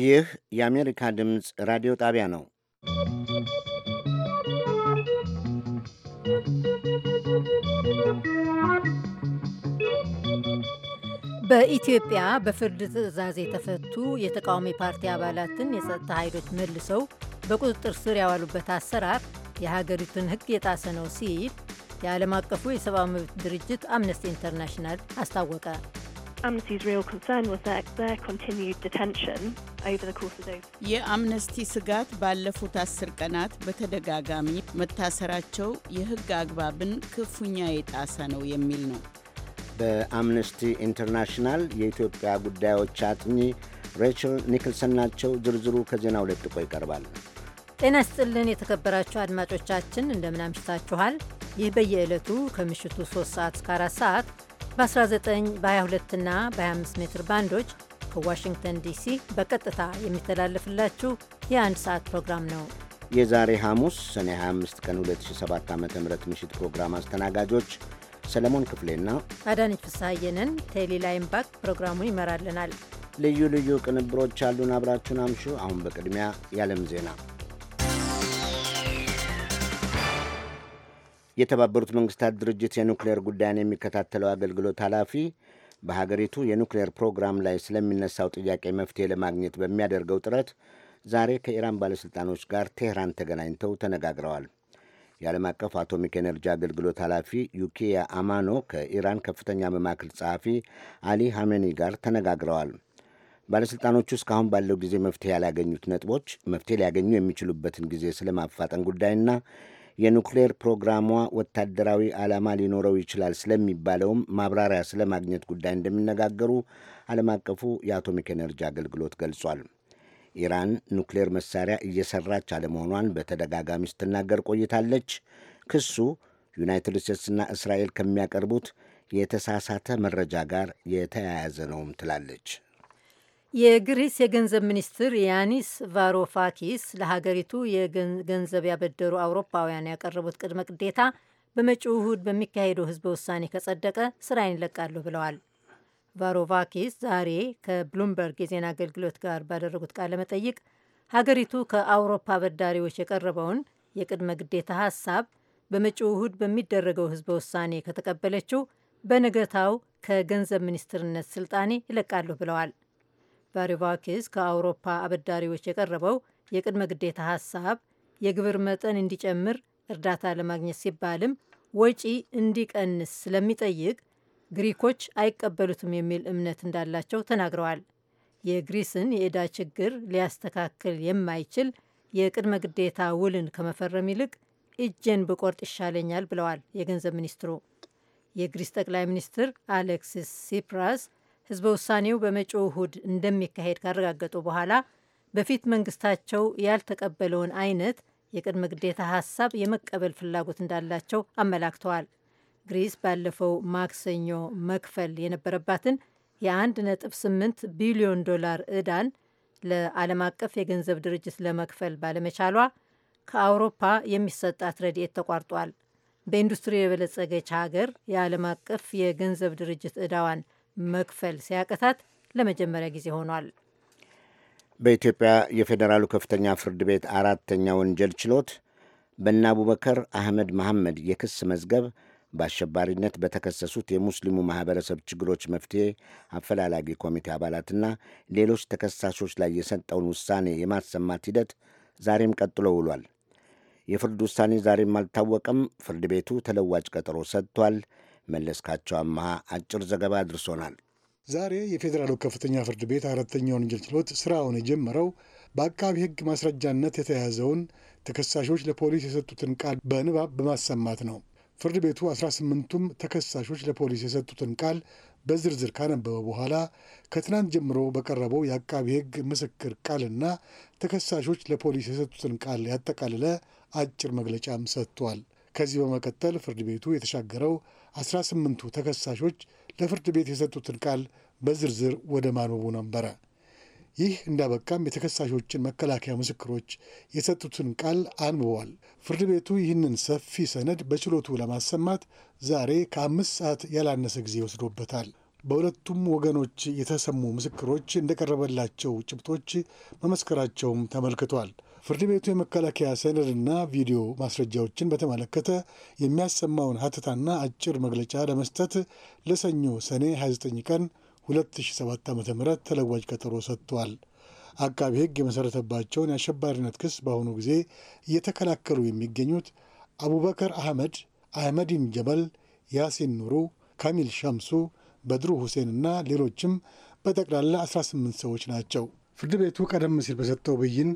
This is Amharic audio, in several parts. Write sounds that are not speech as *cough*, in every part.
ይህ የአሜሪካ ድምፅ ራዲዮ ጣቢያ ነው። በኢትዮጵያ በፍርድ ትዕዛዝ የተፈቱ የተቃዋሚ ፓርቲ አባላትን የጸጥታ ኃይሎች መልሰው በቁጥጥር ስር ያዋሉበት አሰራር የሀገሪቱን ሕግ የጣሰ ነው ሲል የዓለም አቀፉ የሰብአዊ መብት ድርጅት አምነስቲ ኢንተርናሽናል አስታወቀ። የአምነስቲ ስጋት ባለፉት አስር ቀናት በተደጋጋሚ መታሰራቸው የሕግ አግባብን ክፉኛ የጣሰ ነው የሚል ነው። በአምነስቲ ኢንተርናሽናል የኢትዮጵያ ጉዳዮች አጥኚ ሬችል ኒክልሰን ናቸው። ዝርዝሩ ከዜናው ለጥቆ ይቀርባል። ጤና ስጥልን የተከበራችሁ አድማጮቻችን እንደምን አምሽታችኋል። ይህ በየዕለቱ ከምሽቱ 3 ሰዓት እስከ 4 ሰዓት በ19 በ22 እና በ25 ሜትር ባንዶች ከዋሽንግተን ዲሲ በቀጥታ የሚተላለፍላችሁ የአንድ ሰዓት ፕሮግራም ነው። የዛሬ ሐሙስ ሰኔ 25 ቀን 2007 ዓ ም ምሽት ፕሮግራም አስተናጋጆች ሰለሞን ክፍሌና አዳነች ፍስሐየንን ቴሌ ላይምባክ ፕሮግራሙን ይመራልናል። ልዩ ልዩ ቅንብሮች አሉን። አብራችሁን አምሹ። አሁን በቅድሚያ የዓለም ዜና የተባበሩት መንግስታት ድርጅት የኑክሌር ጉዳይን የሚከታተለው አገልግሎት ኃላፊ በሀገሪቱ የኑክሌር ፕሮግራም ላይ ስለሚነሳው ጥያቄ መፍትሄ ለማግኘት በሚያደርገው ጥረት ዛሬ ከኢራን ባለሥልጣኖች ጋር ቴህራን ተገናኝተው ተነጋግረዋል። የዓለም አቀፍ አቶሚክ ኤነርጂ አገልግሎት ኃላፊ ዩኪያ አማኖ ከኢራን ከፍተኛ መማክል ጸሐፊ አሊ ሐሜኒ ጋር ተነጋግረዋል። ባለሥልጣኖቹ እስካሁን ባለው ጊዜ መፍትሄ ያላገኙት ነጥቦች መፍትሄ ሊያገኙ የሚችሉበትን ጊዜ ስለማፋጠን ጉዳይና የኑክሌር ፕሮግራሟ ወታደራዊ ዓላማ ሊኖረው ይችላል ስለሚባለውም ማብራሪያ ስለማግኘት ጉዳይ እንደሚነጋገሩ ዓለም አቀፉ የአቶሚክ ኤነርጂ አገልግሎት ገልጿል። ኢራን ኑክሌር መሳሪያ እየሰራች አለመሆኗን በተደጋጋሚ ስትናገር ቆይታለች። ክሱ ዩናይትድ ስቴትስና እስራኤል ከሚያቀርቡት የተሳሳተ መረጃ ጋር የተያያዘ ነውም ትላለች። የግሪስ የገንዘብ ሚኒስትር ያኒስ ቫሮፋኪስ ለሀገሪቱ ገንዘብ ያበደሩ አውሮፓውያን ያቀረቡት ቅድመ ግዴታ በመጪው እሁድ በሚካሄደው ህዝበ ውሳኔ ከጸደቀ ስራዬን እለቃለሁ ብለዋል። ቫሮፋኪስ ዛሬ ከብሉምበርግ የዜና አገልግሎት ጋር ባደረጉት ቃለ መጠይቅ ሀገሪቱ ከአውሮፓ በዳሪዎች የቀረበውን የቅድመ ግዴታ ሀሳብ በመጪው እሁድ በሚደረገው ህዝበ ውሳኔ ከተቀበለችው በነገታው ከገንዘብ ሚኒስትርነት ስልጣኔ ይለቃለሁ ብለዋል። ቫሪቫኪስ ከአውሮፓ አበዳሪዎች የቀረበው የቅድመ ግዴታ ሀሳብ የግብር መጠን እንዲጨምር እርዳታ ለማግኘት ሲባልም ወጪ እንዲቀንስ ስለሚጠይቅ ግሪኮች አይቀበሉትም የሚል እምነት እንዳላቸው ተናግረዋል። የግሪስን የዕዳ ችግር ሊያስተካክል የማይችል የቅድመ ግዴታ ውልን ከመፈረም ይልቅ እጄን ብቆርጥ ይሻለኛል ብለዋል የገንዘብ ሚኒስትሩ። የግሪስ ጠቅላይ ሚኒስትር አሌክሲስ ሲፕራስ ህዝበ ውሳኔው በመጪው እሁድ እንደሚካሄድ ካረጋገጡ በኋላ በፊት መንግስታቸው ያልተቀበለውን አይነት የቅድመ ግዴታ ሀሳብ የመቀበል ፍላጎት እንዳላቸው አመላክተዋል። ግሪስ ባለፈው ማክሰኞ መክፈል የነበረባትን የ1.8 ቢሊዮን ዶላር ዕዳን ለዓለም አቀፍ የገንዘብ ድርጅት ለመክፈል ባለመቻሏ ከአውሮፓ የሚሰጣት ረድኤት ተቋርጧል። በኢንዱስትሪ የበለጸገች ሀገር የዓለም አቀፍ የገንዘብ ድርጅት ዕዳዋን መክፈል ሲያቀታት ለመጀመሪያ ጊዜ ሆኗል። በኢትዮጵያ የፌዴራሉ ከፍተኛ ፍርድ ቤት አራተኛ ወንጀል ችሎት በእነ አቡበከር አህመድ መሐመድ የክስ መዝገብ በአሸባሪነት በተከሰሱት የሙስሊሙ ማኅበረሰብ ችግሮች መፍትሔ አፈላላጊ ኮሚቴ አባላትና ሌሎች ተከሳሾች ላይ የሰጠውን ውሳኔ የማሰማት ሂደት ዛሬም ቀጥሎ ውሏል። የፍርድ ውሳኔ ዛሬም አልታወቀም። ፍርድ ቤቱ ተለዋጭ ቀጠሮ ሰጥቷል። መለስካቸው አመሃ አጭር ዘገባ አድርሶናል። ዛሬ የፌዴራሉ ከፍተኛ ፍርድ ቤት አራተኛ ወንጀል ችሎት ስራውን የጀመረው በአቃቢ ሕግ ማስረጃነት የተያዘውን ተከሳሾች ለፖሊስ የሰጡትን ቃል በንባብ በማሰማት ነው። ፍርድ ቤቱ 18ቱም ተከሳሾች ለፖሊስ የሰጡትን ቃል በዝርዝር ካነበበ በኋላ ከትናንት ጀምሮ በቀረበው የአቃቢ ሕግ ምስክር ቃልና ተከሳሾች ለፖሊስ የሰጡትን ቃል ያጠቃልለ አጭር መግለጫም ሰጥቷል። ከዚህ በመቀጠል ፍርድ ቤቱ የተሻገረው አስራ ስምንቱ ተከሳሾች ለፍርድ ቤት የሰጡትን ቃል በዝርዝር ወደ ማንበቡ ነበረ። ይህ እንዳበቃም የተከሳሾችን መከላከያ ምስክሮች የሰጡትን ቃል አንብቧል። ፍርድ ቤቱ ይህንን ሰፊ ሰነድ በችሎቱ ለማሰማት ዛሬ ከአምስት ሰዓት ያላነሰ ጊዜ ወስዶበታል። በሁለቱም ወገኖች የተሰሙ ምስክሮች እንደቀረበላቸው ጭብጦች መመስከራቸውም ተመልክቷል። ፍርድ ቤቱ የመከላከያ ሰነድና ቪዲዮ ማስረጃዎችን በተመለከተ የሚያሰማውን ሀተታና አጭር መግለጫ ለመስጠት ለሰኞ ሰኔ 29 ቀን 2007 ዓ ም ተለዋጭ ቀጠሮ ሰጥቷል። አቃቢ ሕግ የመሠረተባቸውን የአሸባሪነት ክስ በአሁኑ ጊዜ እየተከላከሉ የሚገኙት አቡበከር አህመድ፣ አህመዲን ጀበል፣ ያሲን ኑሩ፣ ካሚል ሸምሱ፣ በድሩ ሁሴን እና ሌሎችም በጠቅላላ 18 ሰዎች ናቸው። ፍርድ ቤቱ ቀደም ሲል በሰጠው ብይን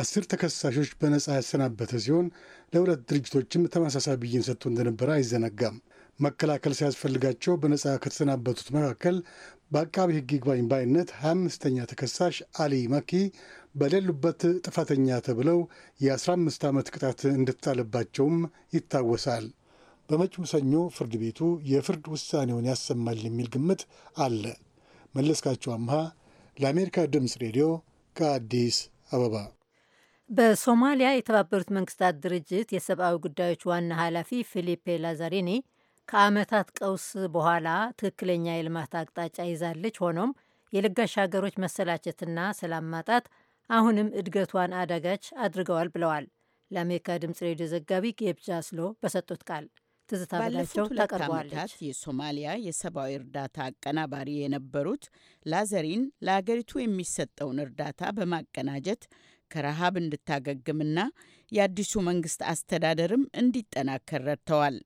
አስር ተከሳሾች በነጻ ያሰናበተ ሲሆን ለሁለት ድርጅቶችም ተመሳሳይ ብይን ሰጥቶ እንደነበረ አይዘነጋም። መከላከል ሲያስፈልጋቸው በነጻ ከተሰናበቱት መካከል በአቃቢ ሕግ ይግባኝ ባይነት 25ተኛ ተከሳሽ አሊ መኪ በሌሉበት ጥፋተኛ ተብለው የ15 ዓመት ቅጣት እንድትጣልባቸውም ይታወሳል። በመጪው ሰኞ ፍርድ ቤቱ የፍርድ ውሳኔውን ያሰማል የሚል ግምት አለ። መለስካቸው አምሃ ለአሜሪካ ድምፅ ሬዲዮ ከአዲስ አበባ። በሶማሊያ የተባበሩት መንግስታት ድርጅት የሰብአዊ ጉዳዮች ዋና ኃላፊ ፊሊፔ ላዛሪኒ ከአመታት ቀውስ በኋላ ትክክለኛ የልማት አቅጣጫ ይዛለች፣ ሆኖም የለጋሽ ሀገሮች መሰላቸትና ሰላም ማጣት አሁንም እድገቷን አዳጋች አድርገዋል ብለዋል። ለአሜሪካ ድምፅ ሬዲዮ ዘጋቢ ጌብጃ ስሎ በሰጡት ቃል ትዝታ በላቸው ታቀርበዋለች። የሶማሊያ የሰብአዊ እርዳታ አቀናባሪ የነበሩት ላዘሪን ለአገሪቱ የሚሰጠውን እርዳታ በማቀናጀት ከረሃብ እንድታገግምና የአዲሱ መንግስት አስተዳደርም እንዲጠናከር ረድተዋል።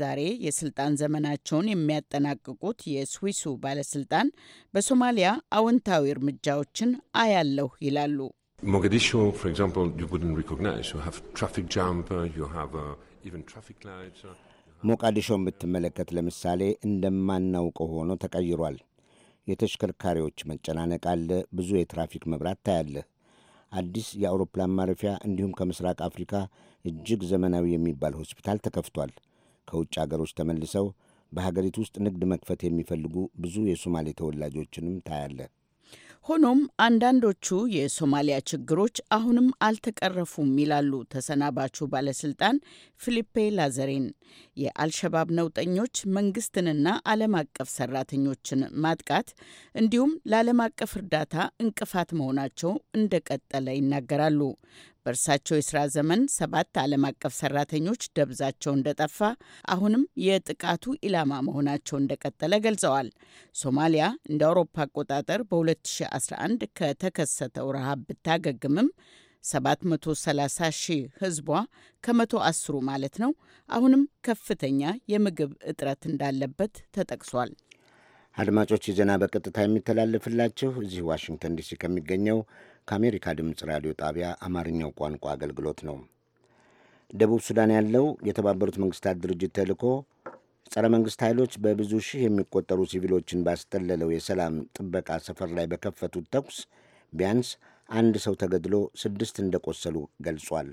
ዛሬ የስልጣን ዘመናቸውን የሚያጠናቅቁት የስዊሱ ባለስልጣን በሶማሊያ አዎንታዊ እርምጃዎችን አያለሁ ይላሉ። ሞጋዲሾ ፎር ሞቃዲሾን ብትመለከት ለምሳሌ እንደማናውቀው ሆኖ ተቀይሯል። የተሽከርካሪዎች መጨናነቅ አለ። ብዙ የትራፊክ መብራት ታያለህ። አዲስ የአውሮፕላን ማረፊያ እንዲሁም ከምስራቅ አፍሪካ እጅግ ዘመናዊ የሚባል ሆስፒታል ተከፍቷል። ከውጭ አገሮች ተመልሰው በሀገሪቱ ውስጥ ንግድ መክፈት የሚፈልጉ ብዙ የሶማሌ ተወላጆችንም ታያለህ። ሆኖም አንዳንዶቹ የሶማሊያ ችግሮች አሁንም አልተቀረፉም ይላሉ ተሰናባቹ ባለስልጣን ፊሊፔ ላዘሬን። የአልሸባብ ነውጠኞች መንግስትንና ዓለም አቀፍ ሰራተኞችን ማጥቃት እንዲሁም ለዓለም አቀፍ እርዳታ እንቅፋት መሆናቸው እንደቀጠለ ይናገራሉ። በእርሳቸው የስራ ዘመን ሰባት ዓለም አቀፍ ሰራተኞች ደብዛቸው እንደጠፋ አሁንም የጥቃቱ ኢላማ መሆናቸው እንደቀጠለ ገልጸዋል። ሶማሊያ እንደ አውሮፓ አቆጣጠር በ2011 ከተከሰተው ረሃብ ብታገግምም 730 ሺህ ህዝቧ ከመቶ አስሩ ማለት ነው አሁንም ከፍተኛ የምግብ እጥረት እንዳለበት ተጠቅሷል። አድማጮች ዜና በቀጥታ የሚተላለፍላችሁ እዚህ ዋሽንግተን ዲሲ ከሚገኘው ከአሜሪካ ድምፅ ራዲዮ ጣቢያ አማርኛው ቋንቋ አገልግሎት ነው። ደቡብ ሱዳን ያለው የተባበሩት መንግስታት ድርጅት ተልዕኮ ጸረ መንግስት ኃይሎች በብዙ ሺህ የሚቆጠሩ ሲቪሎችን ባስጠለለው የሰላም ጥበቃ ሰፈር ላይ በከፈቱት ተኩስ ቢያንስ አንድ ሰው ተገድሎ ስድስት እንደቆሰሉ ገልጿል።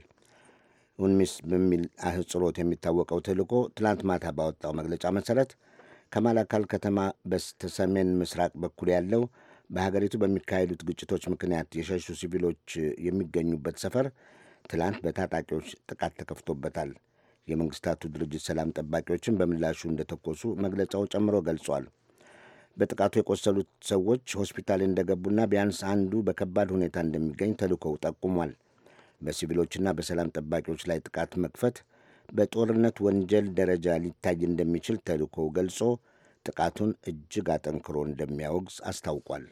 ኡንሚስ በሚል አህጽሮት የሚታወቀው ተልዕኮ ትላንት ማታ ባወጣው መግለጫ መሠረት ከማላካል ከተማ በስተሰሜን ምስራቅ በኩል ያለው በሀገሪቱ በሚካሄዱት ግጭቶች ምክንያት የሸሹ ሲቪሎች የሚገኙበት ሰፈር ትላንት በታጣቂዎች ጥቃት ተከፍቶበታል። የመንግስታቱ ድርጅት ሰላም ጠባቂዎችን በምላሹ እንደተኮሱ መግለጫው ጨምሮ ገልጿል። በጥቃቱ የቆሰሉት ሰዎች ሆስፒታል እንደገቡና ቢያንስ አንዱ በከባድ ሁኔታ እንደሚገኝ ተልእኮው ጠቁሟል። በሲቪሎችና በሰላም ጠባቂዎች ላይ ጥቃት መክፈት በጦርነት ወንጀል ደረጃ ሊታይ እንደሚችል ተልእኮው ገልጾ ጥቃቱን እጅግ አጠንክሮ እንደሚያወግዝ አስታውቋል።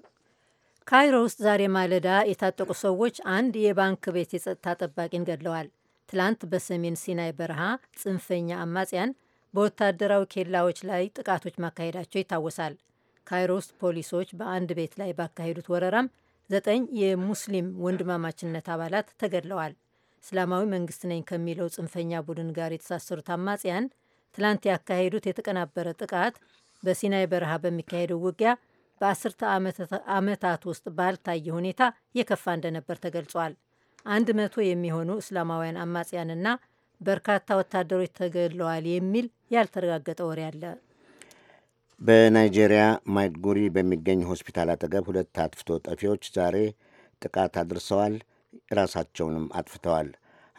ካይሮ ውስጥ ዛሬ ማለዳ የታጠቁ ሰዎች አንድ የባንክ ቤት የጸጥታ ጠባቂን ገድለዋል። ትላንት በሰሜን ሲናይ በረሃ ጽንፈኛ አማጽያን በወታደራዊ ኬላዎች ላይ ጥቃቶች ማካሄዳቸው ይታወሳል። ካይሮ ውስጥ ፖሊሶች በአንድ ቤት ላይ ባካሄዱት ወረራም ዘጠኝ የሙስሊም ወንድማማችነት አባላት ተገድለዋል። እስላማዊ መንግስት ነኝ ከሚለው ጽንፈኛ ቡድን ጋር የተሳሰሩት አማጽያን ትላንት ያካሄዱት የተቀናበረ ጥቃት በሲናይ በረሃ በሚካሄደው ውጊያ በአስርተ ዓመታት ውስጥ ባልታየ ሁኔታ የከፋ እንደነበር ተገልጿል። አንድ መቶ የሚሆኑ እስላማውያን አማጽያንና በርካታ ወታደሮች ተገድለዋል የሚል ያልተረጋገጠ ወሬ አለ። በናይጄሪያ ማይድጉሪ በሚገኝ ሆስፒታል አጠገብ ሁለት አጥፍቶ ጠፊዎች ዛሬ ጥቃት አድርሰዋል፣ ራሳቸውንም አጥፍተዋል።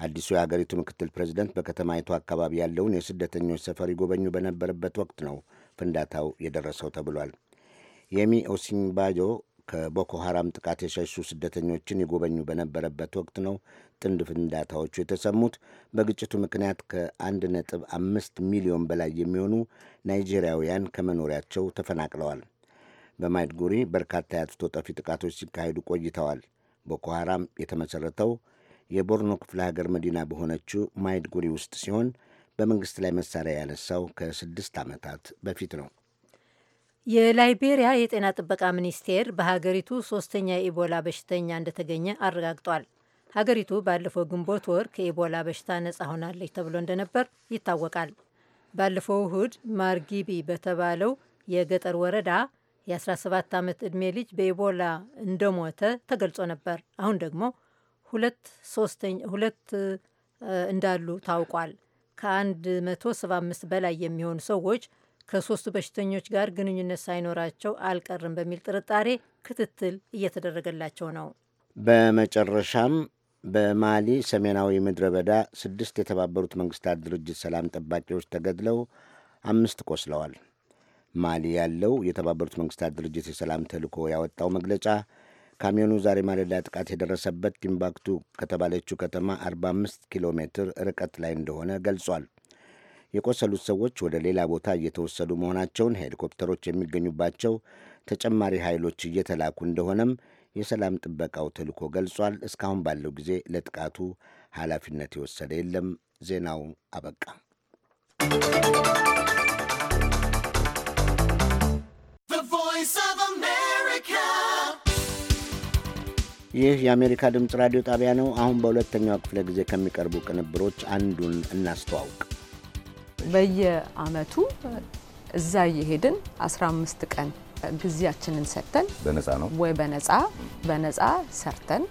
አዲሱ የሀገሪቱ ምክትል ፕሬዚደንት በከተማይቱ አካባቢ ያለውን የስደተኞች ሰፈር ይጎበኙ በነበረበት ወቅት ነው ፍንዳታው የደረሰው ተብሏል። የሚ ኦሲንባጆ ከቦኮ ሐራም ጥቃት የሸሹ ስደተኞችን የጎበኙ በነበረበት ወቅት ነው ጥንድ ፍንዳታዎቹ የተሰሙት። በግጭቱ ምክንያት ከአንድ ነጥብ አምስት ሚሊዮን በላይ የሚሆኑ ናይጄሪያውያን ከመኖሪያቸው ተፈናቅለዋል። በማይድጉሪ በርካታ የአጥፍቶ ጠፊ ጥቃቶች ሲካሄዱ ቆይተዋል። ቦኮ ሐራም የተመሠረተው የቦርኖ ክፍለ ሀገር መዲና በሆነችው ማይድጉሪ ውስጥ ሲሆን በመንግስት ላይ መሳሪያ ያነሳው ከስድስት ዓመታት በፊት ነው። የላይቤሪያ የጤና ጥበቃ ሚኒስቴር በሀገሪቱ ሶስተኛ የኢቦላ በሽተኛ እንደተገኘ አረጋግጧል። ሀገሪቱ ባለፈው ግንቦት ወር ከኢቦላ በሽታ ነጻ ሆናለች ተብሎ እንደነበር ይታወቃል። ባለፈው እሁድ ማርጊቢ በተባለው የገጠር ወረዳ የ17 ዓመት ዕድሜ ልጅ በኢቦላ እንደሞተ ተገልጾ ነበር። አሁን ደግሞ ሁለት ሶስተኛ ሁለት እንዳሉ ታውቋል። ከ175 በላይ የሚሆኑ ሰዎች ከሶስቱ በሽተኞች ጋር ግንኙነት ሳይኖራቸው አልቀርም በሚል ጥርጣሬ ክትትል እየተደረገላቸው ነው። በመጨረሻም በማሊ ሰሜናዊ ምድረ በዳ ስድስት የተባበሩት መንግስታት ድርጅት ሰላም ጠባቂዎች ተገድለው አምስት ቆስለዋል። ማሊ ያለው የተባበሩት መንግስታት ድርጅት የሰላም ተልኮ ያወጣው መግለጫ ካሚዮኑ ዛሬ ማለዳ ጥቃት የደረሰበት ቲምባክቱ ከተባለችው ከተማ 45 ኪሎ ሜትር ርቀት ላይ እንደሆነ ገልጿል። የቆሰሉት ሰዎች ወደ ሌላ ቦታ እየተወሰዱ መሆናቸውን ሄሊኮፕተሮች የሚገኙባቸው ተጨማሪ ኃይሎች እየተላኩ እንደሆነም የሰላም ጥበቃው ተልዕኮ ገልጿል። እስካሁን ባለው ጊዜ ለጥቃቱ ኃላፊነት የወሰደ የለም። ዜናው አበቃ። ይህ የአሜሪካ ድምፅ ራዲዮ ጣቢያ ነው። አሁን በሁለተኛው ክፍለ ጊዜ ከሚቀርቡ ቅንብሮች አንዱን እናስተዋውቅ። በየአመቱ እዛ እየሄድን 15 ቀን ጊዜያችንን ሰጥተን በነጻ ነው ወይ በነጻ በነጻ ሰርተን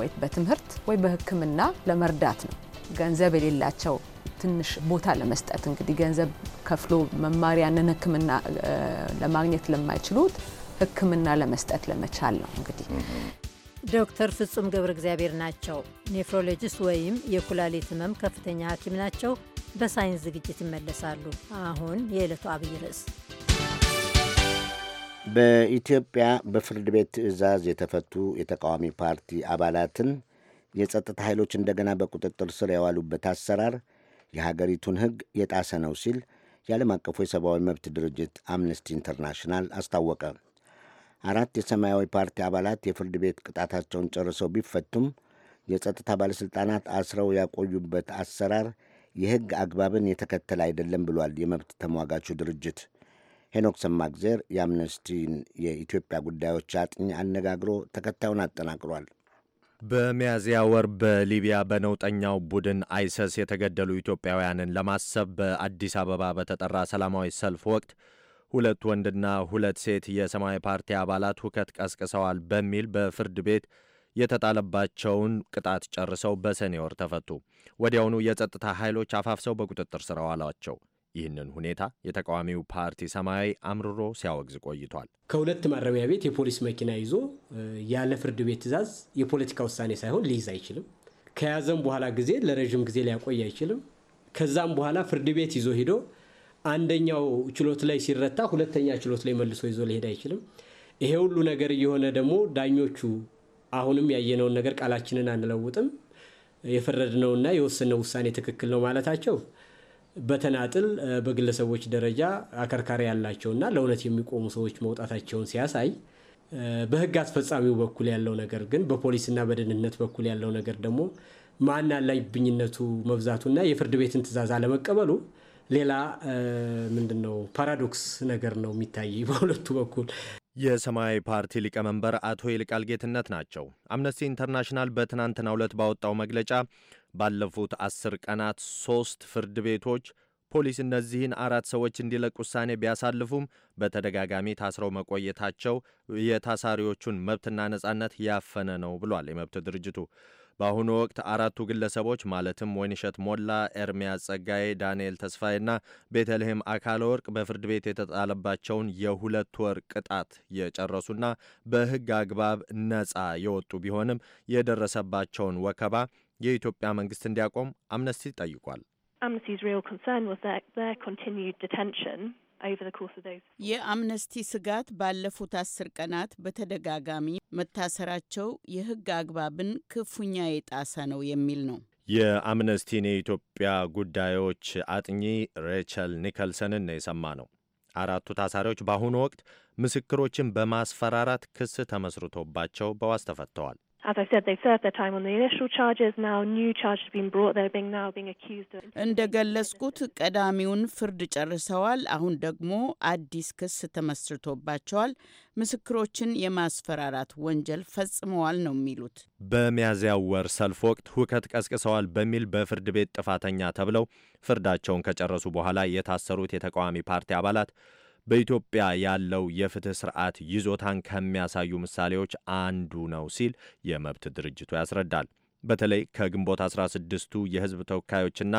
ወይ በትምህርት ወይ በሕክምና ለመርዳት ነው። ገንዘብ የሌላቸው ትንሽ ቦታ ለመስጠት እንግዲህ ገንዘብ ከፍሎ መማሪያንን ሕክምና ለማግኘት ለማይችሉት ሕክምና ለመስጠት ለመቻል ነው እንግዲህ ዶክተር ፍጹም ገብረ እግዚአብሔር ናቸው። ኔፍሮሎጂስት ወይም የኩላሊት ህመም ከፍተኛ ሐኪም ናቸው። በሳይንስ ዝግጅት ይመለሳሉ። አሁን የዕለቱ አብይ ርዕስ በኢትዮጵያ በፍርድ ቤት ትዕዛዝ የተፈቱ የተቃዋሚ ፓርቲ አባላትን የጸጥታ ኃይሎች እንደገና በቁጥጥር ስር የዋሉበት አሰራር የሀገሪቱን ሕግ የጣሰ ነው ሲል የዓለም አቀፉ የሰብአዊ መብት ድርጅት አምነስቲ ኢንተርናሽናል አስታወቀ። አራት የሰማያዊ ፓርቲ አባላት የፍርድ ቤት ቅጣታቸውን ጨርሰው ቢፈቱም የጸጥታ ባለሥልጣናት አስረው ያቆዩበት አሰራር የሕግ አግባብን የተከተለ አይደለም ብሏል የመብት ተሟጋቹ ድርጅት። ሄኖክ ሰማግዜር የአምነስቲን የኢትዮጵያ ጉዳዮች አጥኚ አነጋግሮ ተከታዩን አጠናቅሯል። በሚያዝያ ወር በሊቢያ በነውጠኛው ቡድን አይሰስ የተገደሉ ኢትዮጵያውያንን ለማሰብ በአዲስ አበባ በተጠራ ሰላማዊ ሰልፍ ወቅት ሁለት ወንድና ሁለት ሴት የሰማያዊ ፓርቲ አባላት ሁከት ቀስቅሰዋል በሚል በፍርድ ቤት የተጣለባቸውን ቅጣት ጨርሰው በሰኔ ወር ተፈቱ። ወዲያውኑ የጸጥታ ኃይሎች አፋፍሰው በቁጥጥር ስር አዋሏቸው። ይህንን ሁኔታ የተቃዋሚው ፓርቲ ሰማያዊ አምርሮ ሲያወግዝ ቆይቷል። ከሁለት ማረሚያ ቤት የፖሊስ መኪና ይዞ ያለ ፍርድ ቤት ትዕዛዝ የፖለቲካ ውሳኔ ሳይሆን ሊይዝ አይችልም። ከያዘም በኋላ ጊዜ ለረዥም ጊዜ ሊያቆይ አይችልም። ከዛም በኋላ ፍርድ ቤት ይዞ ሂዶ አንደኛው ችሎት ላይ ሲረታ ሁለተኛ ችሎት ላይ መልሶ ይዞ ሊሄድ አይችልም። ይሄ ሁሉ ነገር እየሆነ ደግሞ ዳኞቹ አሁንም ያየነውን ነገር ቃላችንን አንለውጥም፣ የፈረድነውና የወሰነው ውሳኔ ትክክል ነው ማለታቸው በተናጥል በግለሰቦች ደረጃ አከርካሪ ያላቸውና ለእውነት የሚቆሙ ሰዎች መውጣታቸውን ሲያሳይ በህግ አስፈጻሚው በኩል ያለው ነገር ግን በፖሊስና በደህንነት በኩል ያለው ነገር ደግሞ ማን አለብኝነቱ መብዛቱና የፍርድ ቤትን ትእዛዝ አለመቀበሉ ሌላ ምንድን ነው ፓራዶክስ ነገር ነው የሚታይ *laughs* በሁለቱ በኩል። የሰማያዊ ፓርቲ ሊቀመንበር አቶ ይልቃል ጌትነት ናቸው። አምነስቲ ኢንተርናሽናል በትናንትናው ዕለት ባወጣው መግለጫ ባለፉት አስር ቀናት ሶስት ፍርድ ቤቶች ፖሊስ እነዚህን አራት ሰዎች እንዲለቅ ውሳኔ ቢያሳልፉም በተደጋጋሚ ታስረው መቆየታቸው የታሳሪዎቹን መብትና ነጻነት ያፈነ ነው ብሏል የመብት ድርጅቱ። በአሁኑ ወቅት አራቱ ግለሰቦች ማለትም ወይንሸት ሞላ፣ ኤርሚያስ ጸጋዬ፣ ዳንኤል ተስፋዬና ቤተልሔም አካለ ወርቅ በፍርድ ቤት የተጣለባቸውን የሁለት ወር ቅጣት የጨረሱና በሕግ አግባብ ነጻ የወጡ ቢሆንም የደረሰባቸውን ወከባ የኢትዮጵያ መንግስት እንዲያቆም አምነስቲ ጠይቋል። Amnesty's real concern was their, their continued detention. የአምነስቲ ስጋት ባለፉት አስር ቀናት በተደጋጋሚ መታሰራቸው የሕግ አግባብን ክፉኛ የጣሰ ነው የሚል ነው። የአምነስቲን የኢትዮጵያ ጉዳዮች አጥኚ ሬቸል ኒከልሰንን ነው የሰማ ነው። አራቱ ታሳሪዎች በአሁኑ ወቅት ምስክሮችን በማስፈራራት ክስ ተመስርቶባቸው በዋስ ተፈተዋል። እንደ ገለጽኩት ቀዳሚውን ፍርድ ጨርሰዋል። አሁን ደግሞ አዲስ ክስ ተመስርቶባቸዋል። ምስክሮችን የማስፈራራት ወንጀል ፈጽመዋል ነው የሚሉት። በሚያዝያው ወር ሰልፍ ወቅት ሁከት ቀስቅሰዋል በሚል በፍርድ ቤት ጥፋተኛ ተብለው ፍርዳቸውን ከጨረሱ በኋላ የታሰሩት የተቃዋሚ ፓርቲ አባላት በኢትዮጵያ ያለው የፍትህ ስርዓት ይዞታን ከሚያሳዩ ምሳሌዎች አንዱ ነው ሲል የመብት ድርጅቱ ያስረዳል። በተለይ ከግንቦት 16ቱ የህዝብ ተወካዮችና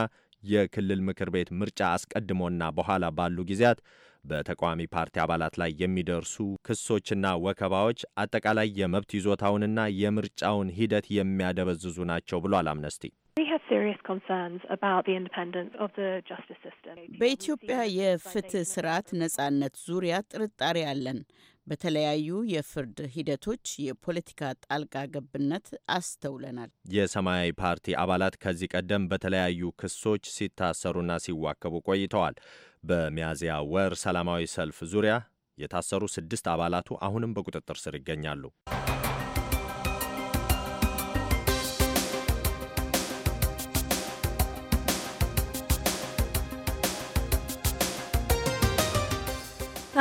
የክልል ምክር ቤት ምርጫ አስቀድሞና በኋላ ባሉ ጊዜያት በተቃዋሚ ፓርቲ አባላት ላይ የሚደርሱ ክሶችና ወከባዎች አጠቃላይ የመብት ይዞታውንና የምርጫውን ሂደት የሚያደበዝዙ ናቸው ብሏል አምነስቲ። በኢትዮጵያ የፍትህ ስርዓት ነጻነት ዙሪያ ጥርጣሬ አለን። በተለያዩ የፍርድ ሂደቶች የፖለቲካ ጣልቃ ገብነት አስተውለናል። የሰማያዊ ፓርቲ አባላት ከዚህ ቀደም በተለያዩ ክሶች ሲታሰሩና ሲዋከቡ ቆይተዋል። በሚያዝያ ወር ሰላማዊ ሰልፍ ዙሪያ የታሰሩ ስድስት አባላቱ አሁንም በቁጥጥር ስር ይገኛሉ።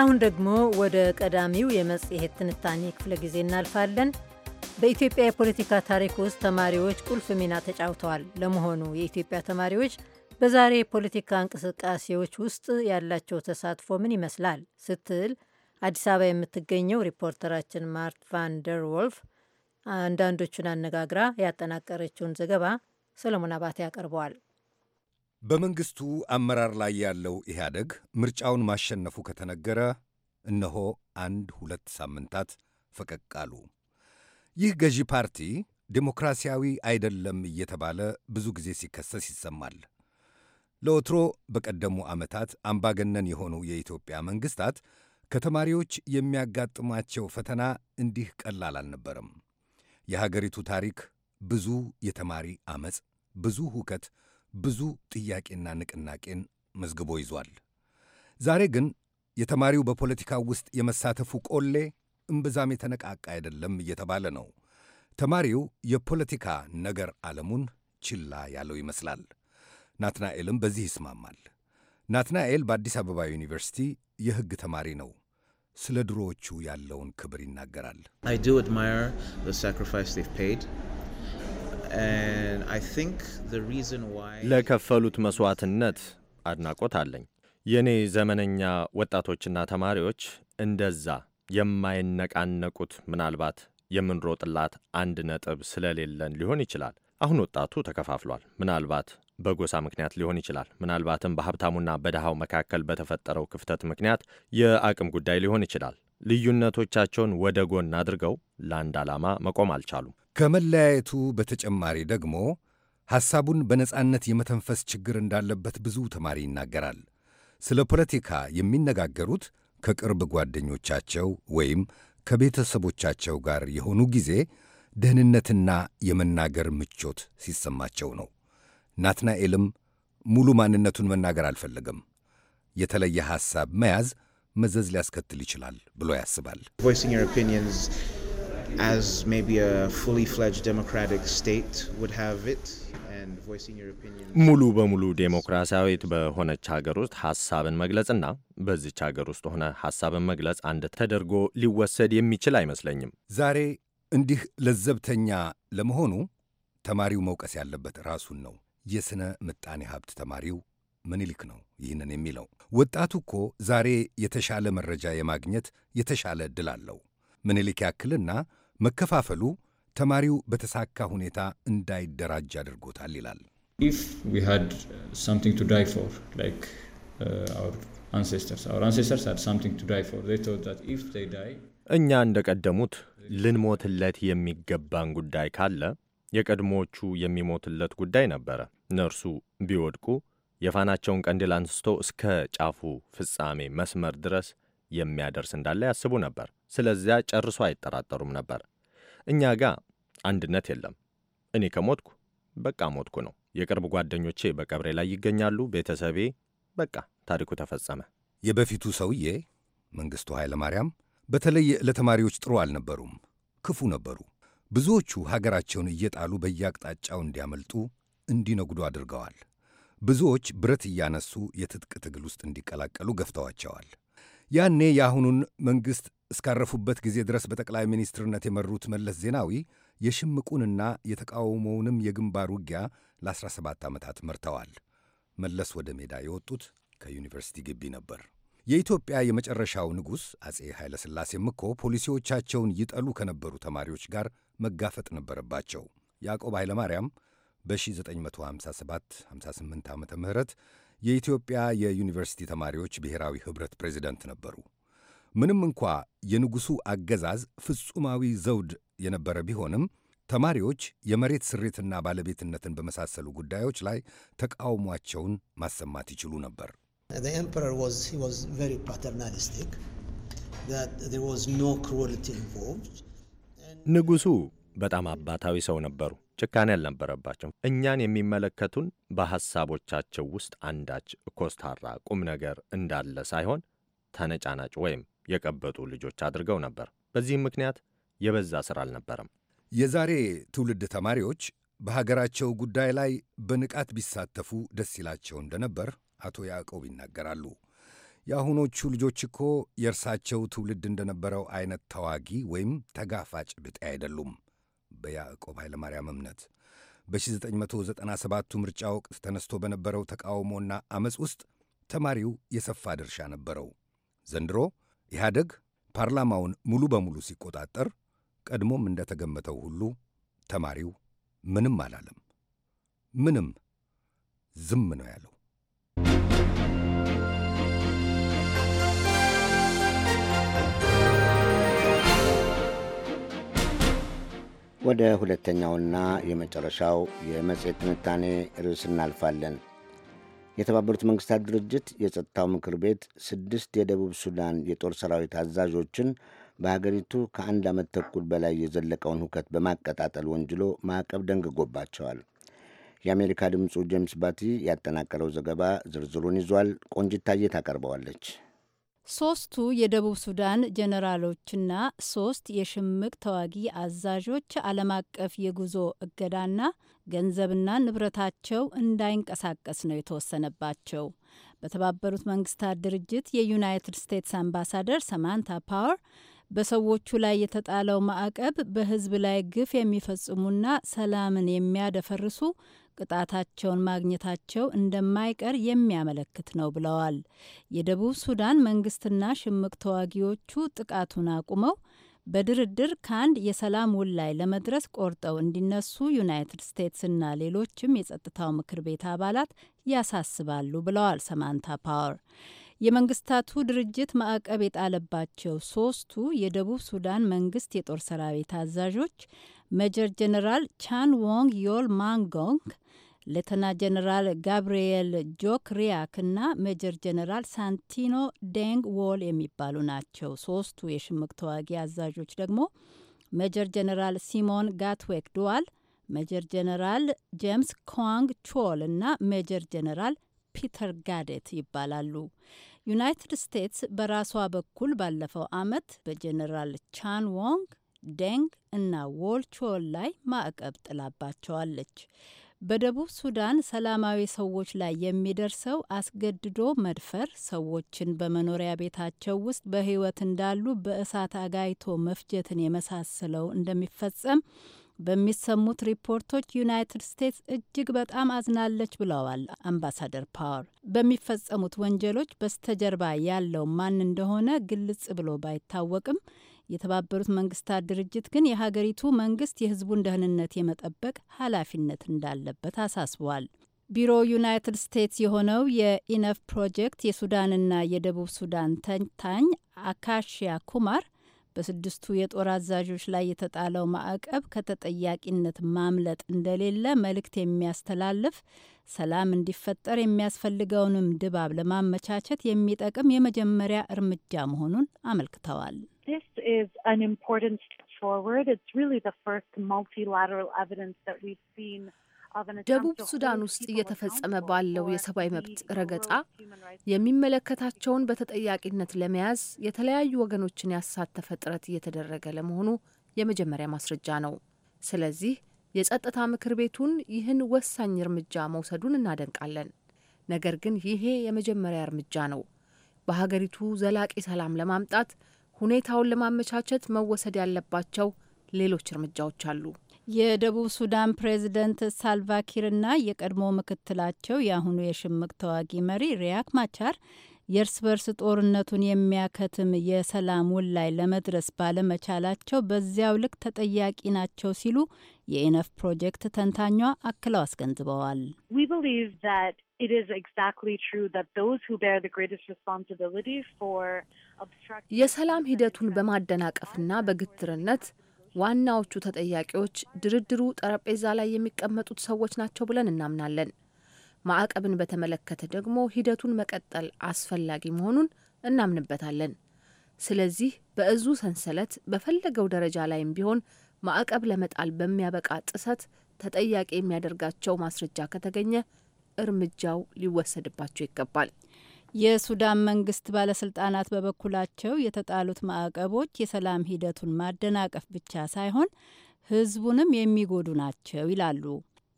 አሁን ደግሞ ወደ ቀዳሚው የመጽሔት ትንታኔ ክፍለ ጊዜ እናልፋለን። በኢትዮጵያ የፖለቲካ ታሪክ ውስጥ ተማሪዎች ቁልፍ ሚና ተጫውተዋል። ለመሆኑ የኢትዮጵያ ተማሪዎች በዛሬ የፖለቲካ እንቅስቃሴዎች ውስጥ ያላቸው ተሳትፎ ምን ይመስላል? ስትል አዲስ አበባ የምትገኘው ሪፖርተራችን ማርት ቫን ደር ወልፍ አንዳንዶቹን አነጋግራ ያጠናቀረችውን ዘገባ ሰለሞን አባቴ ያቀርበዋል። በመንግሥቱ አመራር ላይ ያለው ኢህአደግ ምርጫውን ማሸነፉ ከተነገረ እነሆ አንድ ሁለት ሳምንታት ፈቀቅ አሉ። ይህ ገዢ ፓርቲ ዴሞክራሲያዊ አይደለም እየተባለ ብዙ ጊዜ ሲከሰስ ይሰማል። ለወትሮ በቀደሙ ዓመታት አምባገነን የሆኑ የኢትዮጵያ መንግሥታት ከተማሪዎች የሚያጋጥማቸው ፈተና እንዲህ ቀላል አልነበረም። የሀገሪቱ ታሪክ ብዙ የተማሪ ዐመፅ፣ ብዙ ሁከት ብዙ ጥያቄና ንቅናቄን መዝግቦ ይዟል። ዛሬ ግን የተማሪው በፖለቲካ ውስጥ የመሳተፉ ቆሌ እምብዛም የተነቃቃ አይደለም እየተባለ ነው። ተማሪው የፖለቲካ ነገር ዓለሙን ችላ ያለው ይመስላል። ናትናኤልም በዚህ ይስማማል። ናትናኤል በአዲስ አበባ ዩኒቨርሲቲ የሕግ ተማሪ ነው። ስለ ድሮዎቹ ያለውን ክብር ይናገራል። ለከፈሉት መሥዋዕትነት አድናቆት አለኝ። የእኔ ዘመነኛ ወጣቶችና ተማሪዎች እንደዛ የማይነቃነቁት ምናልባት የምንሮጥላት አንድ ነጥብ ስለሌለን ሊሆን ይችላል። አሁን ወጣቱ ተከፋፍሏል። ምናልባት በጎሳ ምክንያት ሊሆን ይችላል። ምናልባትም በሀብታሙና በድሃው መካከል በተፈጠረው ክፍተት ምክንያት የአቅም ጉዳይ ሊሆን ይችላል። ልዩነቶቻቸውን ወደ ጎን አድርገው ለአንድ ዓላማ መቆም አልቻሉም። ከመለያየቱ በተጨማሪ ደግሞ ሐሳቡን በነጻነት የመተንፈስ ችግር እንዳለበት ብዙ ተማሪ ይናገራል። ስለ ፖለቲካ የሚነጋገሩት ከቅርብ ጓደኞቻቸው ወይም ከቤተሰቦቻቸው ጋር የሆኑ ጊዜ ደህንነትና የመናገር ምቾት ሲሰማቸው ነው። ናትናኤልም ሙሉ ማንነቱን መናገር አልፈለገም። የተለየ ሐሳብ መያዝ መዘዝ ሊያስከትል ይችላል ብሎ ያስባል። ሙሉ በሙሉ ዴሞክራሲያዊት በሆነች ሀገር ውስጥ ሀሳብን መግለጽና በዚች ሀገር ውስጥ ሆነ ሀሳብን መግለጽ አንድ ተደርጎ ሊወሰድ የሚችል አይመስለኝም። ዛሬ እንዲህ ለዘብተኛ ለመሆኑ ተማሪው መውቀስ ያለበት ራሱን ነው። የሥነ ምጣኔ ሀብት ተማሪው ምኒልክ ነው ይህንን የሚለው። ወጣቱ እኮ ዛሬ የተሻለ መረጃ የማግኘት የተሻለ ዕድል አለው። ምኒልክ ያክልና መከፋፈሉ ተማሪው በተሳካ ሁኔታ እንዳይደራጅ አድርጎታል ይላል። uh, እኛ እንደቀደሙት ልንሞትለት የሚገባን ጉዳይ ካለ የቀድሞዎቹ የሚሞትለት ጉዳይ ነበረ። እነርሱ ቢወድቁ የፋናቸውን ቀንዲል አንስቶ እስከ ጫፉ ፍጻሜ መስመር ድረስ የሚያደርስ እንዳለ ያስቡ ነበር። ስለዚያ ጨርሶ አይጠራጠሩም ነበር። እኛ ጋ አንድነት የለም። እኔ ከሞትኩ በቃ ሞትኩ ነው። የቅርብ ጓደኞቼ በቀብሬ ላይ ይገኛሉ። ቤተሰቤ በቃ ታሪኩ ተፈጸመ። የበፊቱ ሰውዬ መንግሥቱ ኃይለ ማርያም በተለይ ለተማሪዎች ጥሩ አልነበሩም፣ ክፉ ነበሩ። ብዙዎቹ ሀገራቸውን እየጣሉ በየአቅጣጫው እንዲያመልጡ እንዲነጉዱ አድርገዋል። ብዙዎች ብረት እያነሱ የትጥቅ ትግል ውስጥ እንዲቀላቀሉ ገፍተዋቸዋል። ያኔ የአሁኑን መንግሥት እስካረፉበት ጊዜ ድረስ በጠቅላይ ሚኒስትርነት የመሩት መለስ ዜናዊ የሽምቁንና የተቃውሞውንም የግንባር ውጊያ ለ17 ዓመታት መርተዋል። መለስ ወደ ሜዳ የወጡት ከዩኒቨርሲቲ ግቢ ነበር። የኢትዮጵያ የመጨረሻው ንጉሥ አጼ ሥላሴም እኮ ፖሊሲዎቻቸውን ይጠሉ ከነበሩ ተማሪዎች ጋር መጋፈጥ ነበረባቸው። ያዕቆብ ኃይለማርያም በ1957 58 ዓ ም የኢትዮጵያ የዩኒቨርሲቲ ተማሪዎች ብሔራዊ ኅብረት ፕሬዚደንት ነበሩ። ምንም እንኳ የንጉሡ አገዛዝ ፍጹማዊ ዘውድ የነበረ ቢሆንም ተማሪዎች የመሬት ስሪትና ባለቤትነትን በመሳሰሉ ጉዳዮች ላይ ተቃውሟቸውን ማሰማት ይችሉ ነበር። ንጉሡ በጣም አባታዊ ሰው ነበሩ። ጭካኔ አልነበረባቸውም። እኛን የሚመለከቱን በሐሳቦቻቸው ውስጥ አንዳች ኮስታራ ቁም ነገር እንዳለ ሳይሆን ተነጫናጭ ወይም የቀበጡ ልጆች አድርገው ነበር። በዚህም ምክንያት የበዛ ሥራ አልነበረም። የዛሬ ትውልድ ተማሪዎች በሀገራቸው ጉዳይ ላይ በንቃት ቢሳተፉ ደስ ይላቸው እንደነበር አቶ ያዕቆብ ይናገራሉ። የአሁኖቹ ልጆች እኮ የእርሳቸው ትውልድ እንደነበረው አይነት ተዋጊ ወይም ተጋፋጭ ብጤ አይደሉም። በያዕቆብ ኃይለማርያም እምነት በ1997ቱ ምርጫ ወቅት ተነስቶ በነበረው ተቃውሞና ዐመፅ ውስጥ ተማሪው የሰፋ ድርሻ ነበረው። ዘንድሮ ኢህአደግ ፓርላማውን ሙሉ በሙሉ ሲቆጣጠር፣ ቀድሞም እንደተገመተው ሁሉ ተማሪው ምንም አላለም። ምንም ዝም ነው ያለው። ወደ ሁለተኛውና የመጨረሻው የመጽሔት ትንታኔ ርዕስ እናልፋለን። የተባበሩት መንግስታት ድርጅት የጸጥታው ምክር ቤት ስድስት የደቡብ ሱዳን የጦር ሰራዊት አዛዦችን በሀገሪቱ ከአንድ ዓመት ተኩል በላይ የዘለቀውን ሁከት በማቀጣጠል ወንጅሎ ማዕቀብ ደንግጎባቸዋል። የአሜሪካ ድምፁ ጄምስ ባቲ ያጠናቀረው ዘገባ ዝርዝሩን ይዟል። ቆንጅታየት ታቀርበዋለች። ሶስቱ የደቡብ ሱዳን ጀነራሎችና ሶስት የሽምቅ ተዋጊ አዛዦች ዓለም አቀፍ የጉዞ እገዳና ገንዘብና ንብረታቸው እንዳይንቀሳቀስ ነው የተወሰነባቸው። በተባበሩት መንግስታት ድርጅት የዩናይትድ ስቴትስ አምባሳደር ሰማንታ ፓወር በሰዎቹ ላይ የተጣለው ማዕቀብ በህዝብ ላይ ግፍ የሚፈጽሙና ሰላምን የሚያደፈርሱ ቅጣታቸውን ማግኘታቸው እንደማይቀር የሚያመለክት ነው ብለዋል። የደቡብ ሱዳን መንግስትና ሽምቅ ተዋጊዎቹ ጥቃቱን አቁመው በድርድር ከአንድ የሰላም ውል ላይ ለመድረስ ቆርጠው እንዲነሱ ዩናይትድ ስቴትስና ሌሎችም የጸጥታው ምክር ቤት አባላት ያሳስባሉ ብለዋል ሰማንታ ፓወር። የመንግስታቱ ድርጅት ማዕቀብ የጣለባቸው ሶስቱ የደቡብ ሱዳን መንግስት የጦር ሰራዊት አዛዦች ሜጀር ጀነራል ቻን ዎንግ ዮል ማንጎንግ፣ ሌተና ጀነራል ጋብርኤል ጆክ ሪያክ እና ሜጀር ጀነራል ሳንቲኖ ዴንግ ዎል የሚባሉ ናቸው። ሶስቱ የሽምቅ ተዋጊ አዛዦች ደግሞ ሜጀር ጀነራል ሲሞን ጋትዌክ ዱዋል፣ ሜጀር ጀነራል ጄምስ ኳንግ ቾል እና ሜጀር ጀነራል ፒተር ጋዴት ይባላሉ። ዩናይትድ ስቴትስ በራሷ በኩል ባለፈው ዓመት በጀኔራል ቻን ዎንግ፣ ደንግ እና ዎልቾል ላይ ማዕቀብ ጥላባቸዋለች። በደቡብ ሱዳን ሰላማዊ ሰዎች ላይ የሚደርሰው አስገድዶ መድፈር ሰዎችን በመኖሪያ ቤታቸው ውስጥ በሕይወት እንዳሉ በእሳት አጋይቶ መፍጀትን የመሳሰለው እንደሚፈጸም በሚሰሙት ሪፖርቶች ዩናይትድ ስቴትስ እጅግ በጣም አዝናለች ብለዋል አምባሳደር ፓወር። በሚፈጸሙት ወንጀሎች በስተጀርባ ያለው ማን እንደሆነ ግልጽ ብሎ ባይታወቅም የተባበሩት መንግስታት ድርጅት ግን የሀገሪቱ መንግስት የህዝቡን ደህንነት የመጠበቅ ኃላፊነት እንዳለበት አሳስቧል። ቢሮው ዩናይትድ ስቴትስ የሆነው የኢነፍ ፕሮጀክት የሱዳንና የደቡብ ሱዳን ተንታኝ አካሽያ ኩማር በስድስቱ የጦር አዛዦች ላይ የተጣለው ማዕቀብ ከተጠያቂነት ማምለጥ እንደሌለ መልእክት የሚያስተላልፍ ሰላም እንዲፈጠር የሚያስፈልገውንም ድባብ ለማመቻቸት የሚጠቅም የመጀመሪያ እርምጃ መሆኑን አመልክተዋል። ሲን። ደቡብ ሱዳን ውስጥ እየተፈጸመ ባለው የሰብአዊ መብት ረገጣ የሚመለከታቸውን በተጠያቂነት ለመያዝ የተለያዩ ወገኖችን ያሳተፈ ጥረት እየተደረገ ለመሆኑ የመጀመሪያ ማስረጃ ነው። ስለዚህ የጸጥታ ምክር ቤቱን ይህን ወሳኝ እርምጃ መውሰዱን እናደንቃለን። ነገር ግን ይሄ የመጀመሪያ እርምጃ ነው። በሀገሪቱ ዘላቂ ሰላም ለማምጣት ሁኔታውን ለማመቻቸት መወሰድ ያለባቸው ሌሎች እርምጃዎች አሉ። የደቡብ ሱዳን ፕሬዝደንት ሳልቫኪርና የቀድሞ ምክትላቸው የአሁኑ የሽምቅ ተዋጊ መሪ ሪያክ ማቻር የእርስ በርስ ጦርነቱን የሚያከትም የሰላም ውል ላይ ለመድረስ ባለመቻላቸው በዚያው ልክ ተጠያቂ ናቸው ሲሉ የኢነፍ ፕሮጀክት ተንታኟ አክለው አስገንዝበዋል። የሰላም ሂደቱን በማደናቀፍና በግትርነት ዋናዎቹ ተጠያቂዎች ድርድሩ ጠረጴዛ ላይ የሚቀመጡት ሰዎች ናቸው ብለን እናምናለን። ማዕቀብን በተመለከተ ደግሞ ሂደቱን መቀጠል አስፈላጊ መሆኑን እናምንበታለን። ስለዚህ በእዙ ሰንሰለት በፈለገው ደረጃ ላይም ቢሆን ማዕቀብ ለመጣል በሚያበቃ ጥሰት ተጠያቂ የሚያደርጋቸው ማስረጃ ከተገኘ እርምጃው ሊወሰድባቸው ይገባል። የሱዳን መንግስት ባለስልጣናት በበኩላቸው የተጣሉት ማዕቀቦች የሰላም ሂደቱን ማደናቀፍ ብቻ ሳይሆን ህዝቡንም የሚጎዱ ናቸው ይላሉ።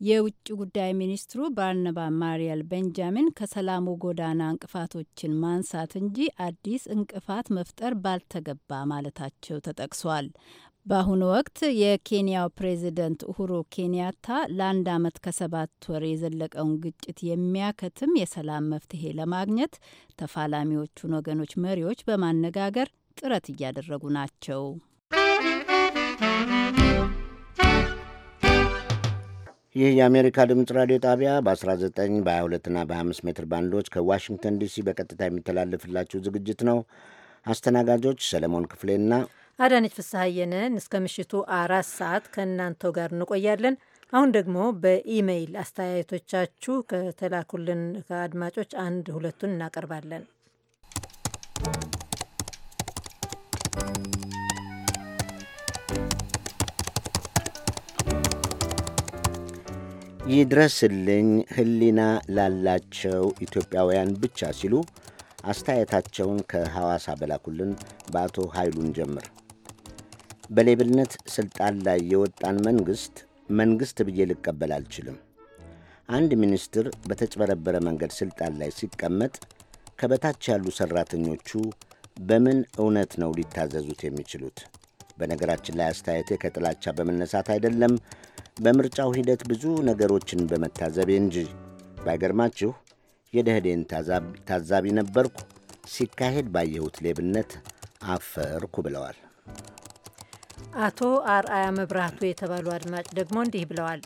የውጭ ጉዳይ ሚኒስትሩ ባርነባ ማሪያል ቤንጃሚን ከሰላሙ ጎዳና እንቅፋቶችን ማንሳት እንጂ አዲስ እንቅፋት መፍጠር ባልተገባ ማለታቸው ተጠቅሷል። በአሁኑ ወቅት የኬንያው ፕሬዚደንት ኡሁሩ ኬንያታ ለአንድ ዓመት ከሰባት ወር የዘለቀውን ግጭት የሚያከትም የሰላም መፍትሄ ለማግኘት ተፋላሚዎቹን ወገኖች መሪዎች በማነጋገር ጥረት እያደረጉ ናቸው። ይህ የአሜሪካ ድምፅ ራዲዮ ጣቢያ በ19 በ22ና በ25 ሜትር ባንዶች ከዋሽንግተን ዲሲ በቀጥታ የሚተላለፍላችሁ ዝግጅት ነው። አስተናጋጆች ሰለሞን ክፍሌና አዳነች ፍስሐየንን እስከ ምሽቱ አራት ሰዓት ከእናንተው ጋር እንቆያለን። አሁን ደግሞ በኢሜይል አስተያየቶቻችሁ ከተላኩልን ከአድማጮች አንድ ሁለቱን እናቀርባለን። ይድረስልኝ ሕሊና ላላቸው ኢትዮጵያውያን ብቻ ሲሉ አስተያየታቸውን ከሐዋሳ በላኩልን በአቶ ኃይሉን ጀምር በሌብነት ሥልጣን ላይ የወጣን መንግሥት መንግሥት ብዬ ልቀበል አልችልም። አንድ ሚኒስትር በተጭበረበረ መንገድ ሥልጣን ላይ ሲቀመጥ ከበታች ያሉ ሠራተኞቹ በምን እውነት ነው ሊታዘዙት የሚችሉት? በነገራችን ላይ አስተያየቴ ከጥላቻ በመነሳት አይደለም፣ በምርጫው ሂደት ብዙ ነገሮችን በመታዘቤ እንጂ። ባይገርማችሁ የደህዴን ታዛቢ ነበርኩ፣ ሲካሄድ ባየሁት ሌብነት አፈርኩ ብለዋል። አቶ አርአያ መብራቱ የተባሉ አድማጭ ደግሞ እንዲህ ብለዋል።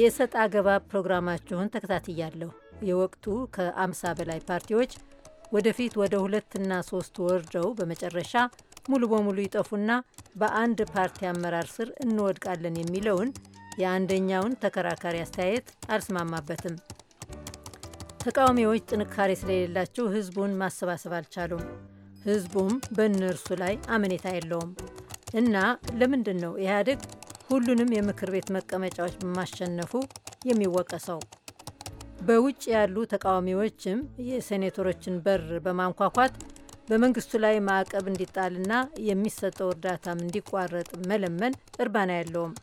የእሰጥ አገባ ፕሮግራማችሁን ተከታትያለሁ። የወቅቱ ከአምሳ በላይ ፓርቲዎች ወደፊት ወደ ሁለትና ሶስት ወርደው በመጨረሻ ሙሉ በሙሉ ይጠፉና በአንድ ፓርቲ አመራር ስር እንወድቃለን የሚለውን የአንደኛውን ተከራካሪ አስተያየት አልስማማበትም። ተቃዋሚዎች ጥንካሬ ስለሌላቸው ህዝቡን ማሰባሰብ አልቻሉም። ህዝቡም በእነርሱ ላይ አመኔታ የለውም። እና ለምንድን ነው ኢህአዴግ ሁሉንም የምክር ቤት መቀመጫዎች በማሸነፉ የሚወቀሰው? በውጭ ያሉ ተቃዋሚዎችም የሴኔተሮችን በር በማንኳኳት በመንግስቱ ላይ ማዕቀብ እንዲጣልና የሚሰጠው እርዳታም እንዲቋረጥ መለመን እርባና ያለውም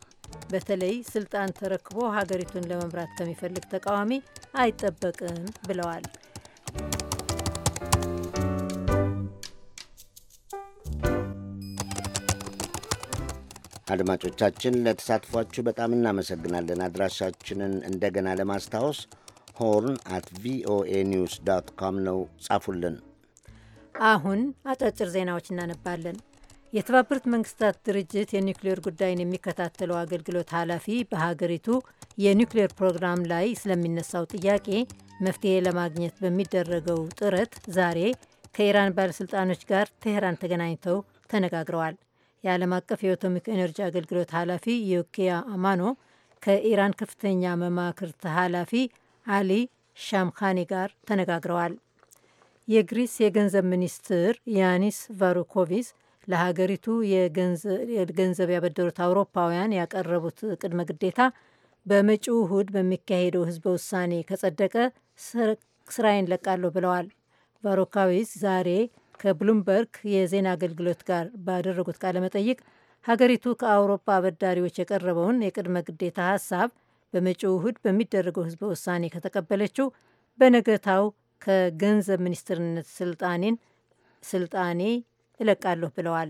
በተለይ ስልጣን ተረክቦ ሀገሪቱን ለመምራት ከሚፈልግ ተቃዋሚ አይጠበቅም ብለዋል። አድማጮቻችን ለተሳትፏችሁ በጣም እናመሰግናለን። አድራሻችንን እንደገና ለማስታወስ ሆርን አት ቪኦኤ ኒውስ ዶት ኮም ነው፣ ጻፉልን። አሁን አጫጭር ዜናዎች እናነባለን። የተባበሩት መንግስታት ድርጅት የኒውክሌር ጉዳይን የሚከታተለው አገልግሎት ኃላፊ በሀገሪቱ የኒውክሌር ፕሮግራም ላይ ስለሚነሳው ጥያቄ መፍትሄ ለማግኘት በሚደረገው ጥረት ዛሬ ከኢራን ባለሥልጣኖች ጋር ቴህራን ተገናኝተው ተነጋግረዋል። የዓለም አቀፍ የአቶሚክ ኤነርጂ አገልግሎት ኃላፊ ዮኪያ አማኖ ከኢራን ከፍተኛ መማክርት ኃላፊ አሊ ሻምካኒ ጋር ተነጋግረዋል። የግሪስ የገንዘብ ሚኒስትር ያኒስ ቫሩኮቪስ ለሀገሪቱ የገንዘብ ያበደሩት አውሮፓውያን ያቀረቡት ቅድመ ግዴታ በመጪው እሁድ በሚካሄደው ህዝበ ውሳኔ ከጸደቀ ስራዬን ለቃለሁ ብለዋል። ቫሩካዊስ ዛሬ ከብሉምበርግ የዜና አገልግሎት ጋር ባደረጉት ቃለ መጠይቅ ሀገሪቱ ከአውሮፓ አበዳሪዎች የቀረበውን የቅድመ ግዴታ ሀሳብ በመጪው እሁድ በሚደረገው ህዝበ ውሳኔ ከተቀበለችው በነገታው ከገንዘብ ሚኒስትርነት ስልጣኔን ስልጣኔ እለቃለሁ ብለዋል።